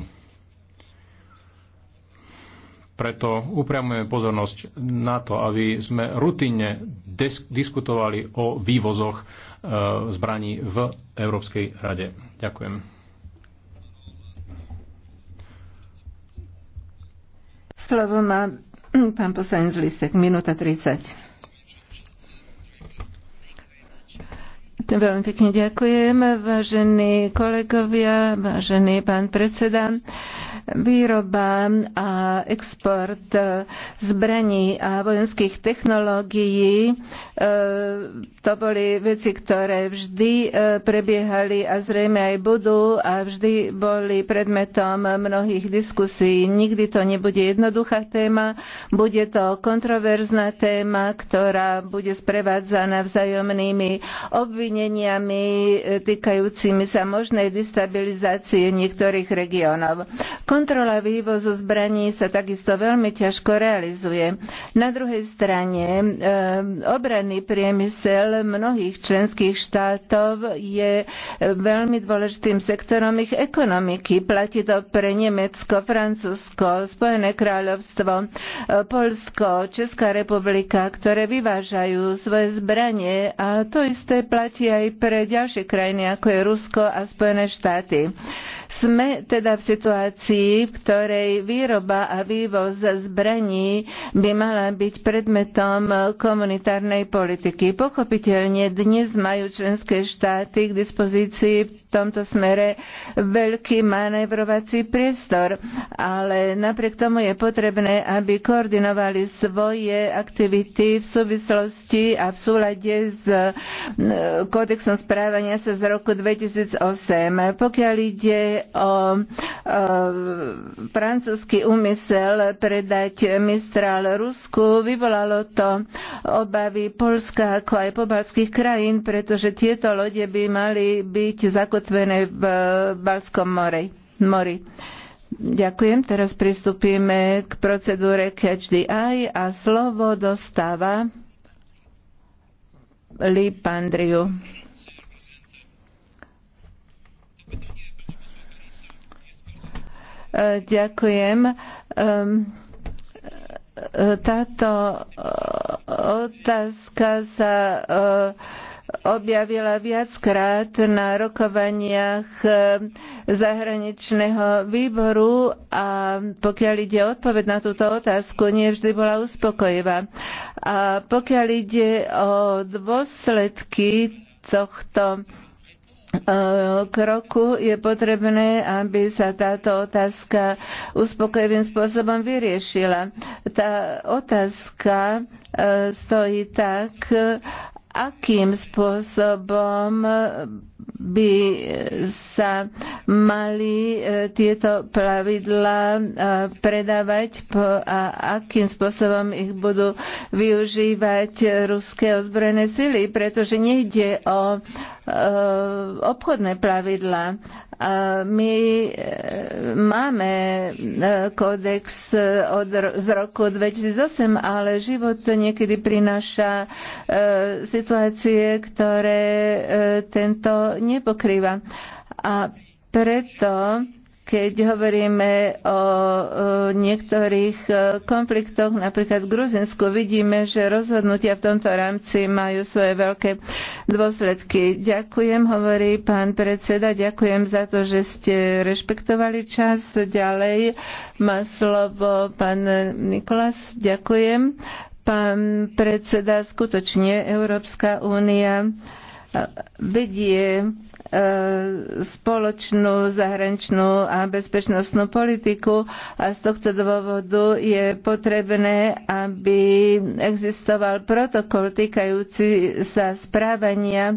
[SPEAKER 3] Preto upriamujeme pozornosť na to, aby sme rutinne diskutovali o vývozoch e, zbraní v Európskej rade. Ďakujem.
[SPEAKER 2] Slovo má pán poslanec Listek, minúta 30. Veľmi pekne ďakujem, vážení kolegovia, vážený pán predseda. Výroba a export zbraní a vojenských technológií e, to boli veci, ktoré vždy e, prebiehali a zrejme aj budú a vždy boli predmetom mnohých diskusí. Nikdy to nebude jednoduchá téma, bude to kontroverzná téma, ktorá bude sprevádzana vzájomnými obvineniami e, týkajúcimi sa možnej destabilizácie niektorých regiónov. Kontrola vývozu zbraní sa takisto veľmi ťažko realizuje. Na druhej strane, e, obranný priemysel mnohých členských štátov je e, veľmi dôležitým sektorom ich ekonomiky. Platí to pre Nemecko, Francúzsko, Spojené kráľovstvo, e, Polsko, Česká republika, ktoré vyvážajú svoje zbranie a to isté platí aj pre ďalšie krajiny, ako je Rusko a Spojené štáty. Sme teda v situácii, v ktorej výroba a vývoz zbraní by mala byť predmetom komunitárnej politiky. Pochopiteľne dnes majú členské štáty k dispozícii v tomto smere veľký manévrovací priestor, ale napriek tomu je potrebné, aby koordinovali svoje aktivity v súvislosti a v súlade s e, kódexom správania sa z roku 2008. Pokiaľ ide o E, francúzsky úmysel predať Mistral Rusku. Vyvolalo to obavy Polska ako aj pobalských krajín, pretože tieto lode by mali byť zakotvené v Balskom more, mori. Ďakujem. Teraz pristúpime k procedúre Catch the Eye a slovo dostáva Lip Andriu. Ďakujem. Ehm, táto e, otázka sa e, objavila viackrát na rokovaniach e, zahraničného výboru a pokiaľ ide odpoveď na túto otázku, nie vždy bola uspokojivá. A pokiaľ ide o dôsledky tohto kroku je potrebné, aby sa táto otázka uspokojivým spôsobom vyriešila. Tá otázka e, stojí tak, akým spôsobom by sa mali e, tieto plavidla e, predávať a akým spôsobom ich budú využívať ruské ozbrojené sily, pretože nejde o Eh, obchodné pravidlá. my eh, máme eh, kódex od, z roku 2008, ale život niekedy prináša situácie, ktoré tento nepokrýva. A preto keď hovoríme o niektorých e, konfliktoch, napríklad v Gruzinsku, vidíme, že rozhodnutia v tomto rámci majú svoje veľké dôsledky. Ďakujem, hovorí pán predseda, ďakujem za to, že ste rešpektovali čas. Ďalej má slovo pán Nikolas. Ďakujem. Pán predseda, skutočne Európska únia e, vedie E, spoločnú zahraničnú a bezpečnostnú politiku a z tohto dôvodu je potrebné, aby existoval protokol týkajúci sa správania e,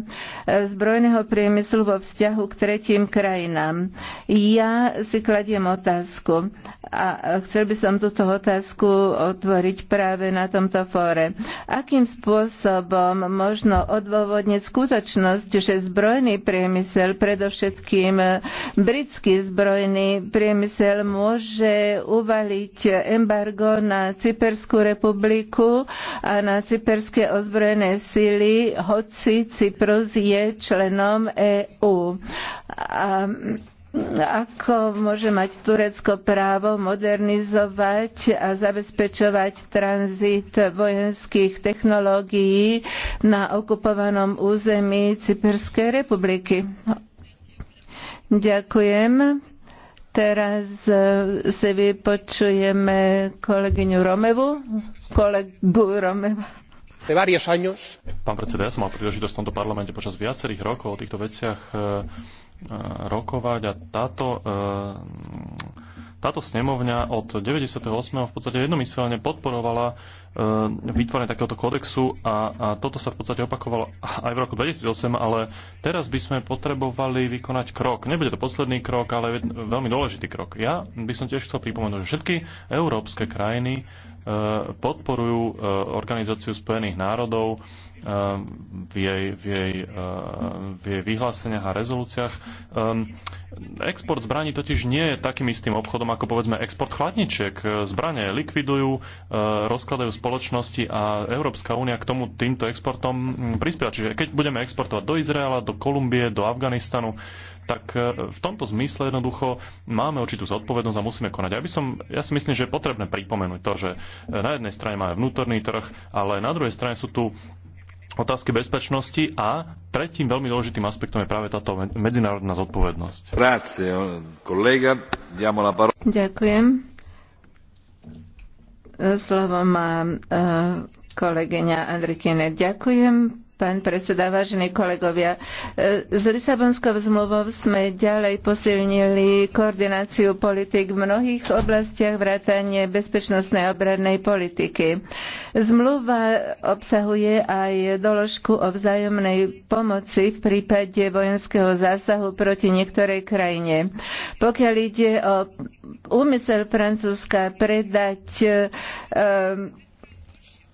[SPEAKER 2] zbrojného priemyslu vo vzťahu k tretím krajinám. Ja si kladiem otázku a chcel by som túto otázku otvoriť práve na tomto fóre. Akým spôsobom možno odôvodniť skutočnosť, že zbrojný priemysel priemysel, predovšetkým britský zbrojný priemysel, môže uvaliť embargo na Cyperskú republiku a na cyperské ozbrojené sily, hoci Cyprus je členom EÚ. A ako môže mať Turecko právo modernizovať a zabezpečovať tranzit vojenských technológií na okupovanom území Cyperskej republiky. Ďakujem. Teraz e, si vypočujeme kolegyňu Romevu, kolegu Romeva
[SPEAKER 4] Pán predseda, ja som mal príležitosť v tomto parlamente počas viacerých rokov o týchto veciach e, Eh, rokovať a táto, eh, táto snemovňa od 98. v podstate jednomyselne podporovala eh, vytvorenie takéhoto kodexu a, a toto sa v podstate opakovalo aj v roku 2008, ale teraz by sme potrebovali vykonať krok. Nebude to posledný krok, ale veľmi dôležitý krok. Ja by som tiež chcel pripomenúť, že všetky európske krajiny podporujú Organizáciu spojených národov v jej, v jej, eh, v jej vyhláseniach a rezolúciách. Ehm, export zbraní totiž nie je takým istým obchodom ako povedzme export chladničiek. Zbranie likvidujú, eh, rozkladajú spoločnosti a Európska únia k tomu týmto exportom hm, prispieva. Čiže keď budeme exportovať do Izraela, do Kolumbie, do Afganistanu, tak eh, v tomto zmysle jednoducho máme určitú zodpovednosť a musíme konať. Ja, by som, ja si myslím, že je potrebné pripomenúť to, že na jednej strane máme vnútorný trh, ale na druhej strane sú tu otázky bezpečnosti a tretím veľmi dôležitým aspektom je práve táto medzinárodná zodpovednosť. Grazie, kolega. La
[SPEAKER 2] Ďakujem. Slovo má uh, kolegyňa Andrikine. Ďakujem, pán predseda, vážení kolegovia. S Lisabonskou zmluvou sme ďalej posilnili koordináciu politik v mnohých oblastiach vrátane bezpečnostnej obradnej politiky. Zmluva obsahuje aj doložku o vzájomnej pomoci v prípade vojenského zásahu proti niektorej krajine. Pokiaľ ide o úmysel Francúzska predať um,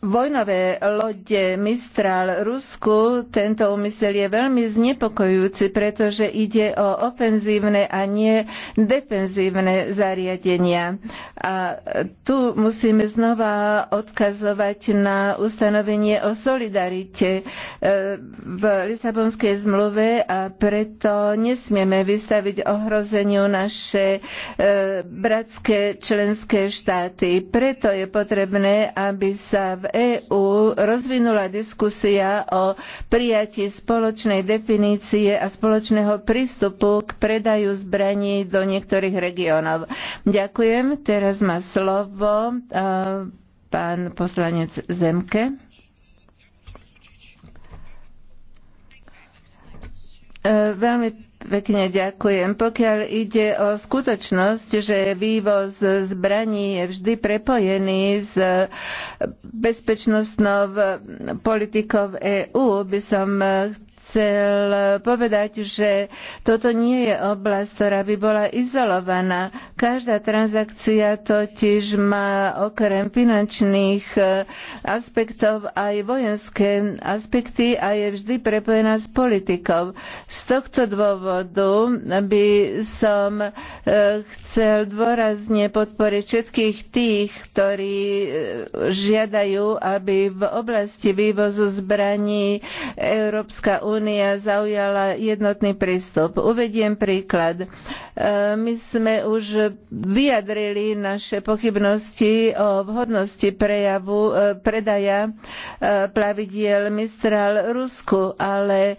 [SPEAKER 2] vojnové lode Mistral Rusku, tento úmysel je veľmi znepokojujúci, pretože ide o ofenzívne a nie defenzívne zariadenia. A tu musíme znova odkazovať na ustanovenie o solidarite e, v Lisabonskej zmluve a preto nesmieme vystaviť ohrozeniu naše e, bratské členské štáty. Preto je potrebné, aby sa v EÚ rozvinula diskusia o prijatí spoločnej definície a spoločného prístupu k predaju zbraní do niektorých regiónov. Ďakujem. Teraz má slovo e, pán poslanec Zemke. E, veľmi pekne ďakujem. Pokiaľ ide o skutočnosť, že vývoz zbraní je vždy prepojený s bezpečnostnou politikou EÚ, by som chcel povedať, že toto nie je oblasť, ktorá by bola izolovaná. Každá transakcia totiž má okrem finančných e, aspektov aj vojenské aspekty a je vždy prepojená s politikou. Z tohto dôvodu by som e, chcel dôrazne podporiť všetkých tých, ktorí e, žiadajú, aby v oblasti vývozu zbraní Európska únia únia zaujala jednotný prístup. Uvediem príklad. E, my sme už vyjadrili naše pochybnosti o vhodnosti prejavu, e, predaja e, plavidiel Mistral Rusku, ale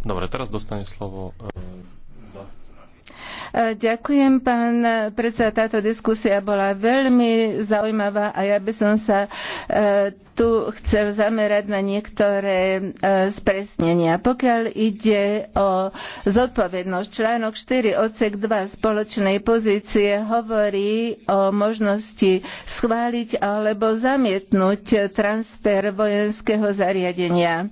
[SPEAKER 4] Dobre, teraz dostane slovo
[SPEAKER 2] e, Ďakujem, pán predseda. Táto diskusia bola veľmi zaujímavá a ja by som sa e, tu chcel zamerať na niektoré e, spresnenia. Pokiaľ ide o zodpovednosť, článok 4 odsek 2 spoločnej pozície hovorí o možnosti schváliť alebo zamietnúť transfer vojenského zariadenia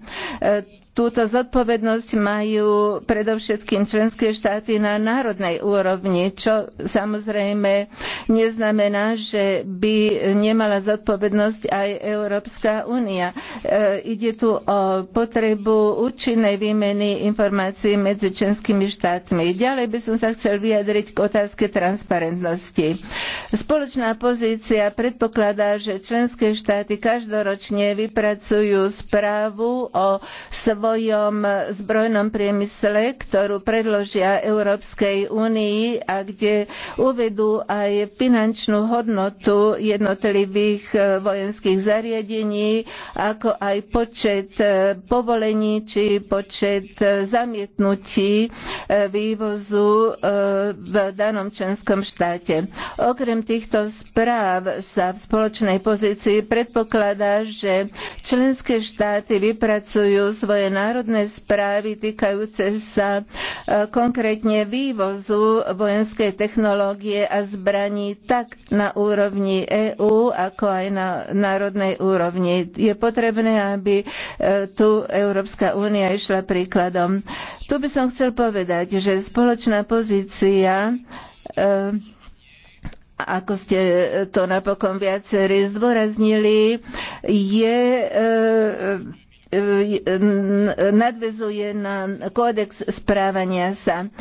[SPEAKER 2] Túto zodpovednosť majú predovšetkým členské štáty na národnej úrovni, čo samozrejme neznamená, že by nemala zodpovednosť aj Európska únia. E, ide tu o potrebu účinnej výmeny informácií medzi členskými štátmi. Ďalej by som sa chcel vyjadriť k otázke transparentnosti. Spoločná pozícia predpokladá, že členské štáty každoročne vypracujú správu o svojom svojom zbrojnom priemysle, ktorú predložia Európskej únii a kde uvedú aj finančnú hodnotu jednotlivých e, vojenských zariadení, ako aj počet e, povolení či počet e, zamietnutí vývozu v danom členskom štáte. Okrem týchto správ sa v spoločnej pozícii predpokladá, že členské štáty vypracujú svoje národné správy týkajúce sa e, konkrétne vývozu vojenskej technológie a zbraní tak na úrovni EÚ, ako aj na národnej úrovni. Je potrebné, aby e, tu Európska únia išla príkladom. Tu by som chcel povedať, že spoločná pozícia e, ako ste to napokon viacerí zdôraznili, je e, E, e, nadvezuje na kódex správania sa. E,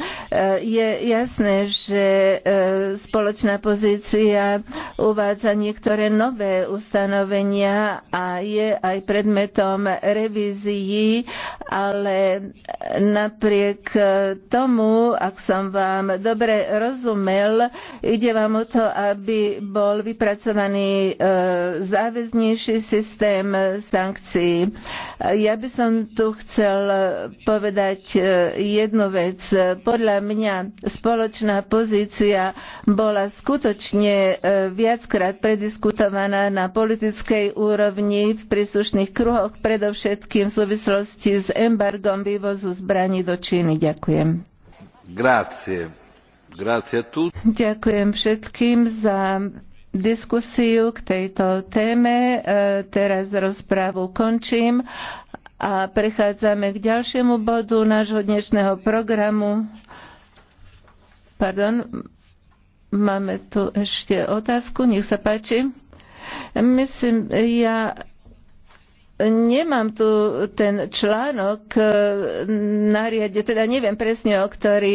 [SPEAKER 2] je jasné, že spoločná pozícia uvádza niektoré nové ustanovenia a je aj predmetom revízií, ale napriek tomu, ak som vám dobre rozumel, ide vám o to, aby bol vypracovaný záväznejší systém sankcií. Ja by som tu chcel e, povedať e, jednu vec. Podľa mňa spoločná pozícia bola skutočne e, viackrát prediskutovaná na politickej úrovni v príslušných kruhoch, predovšetkým v súvislosti s embargom vývozu zbraní do Číny. Ďakujem.
[SPEAKER 1] Grazie. Grazie
[SPEAKER 2] Ďakujem všetkým za diskusiu k tejto téme. E, teraz rozprávu končím a prechádzame k ďalšiemu bodu nášho dnešného programu. Pardon, máme tu ešte otázku, nech sa páči. Myslím, ja nemám tu ten článok e, na riade, teda neviem presne, o ktorý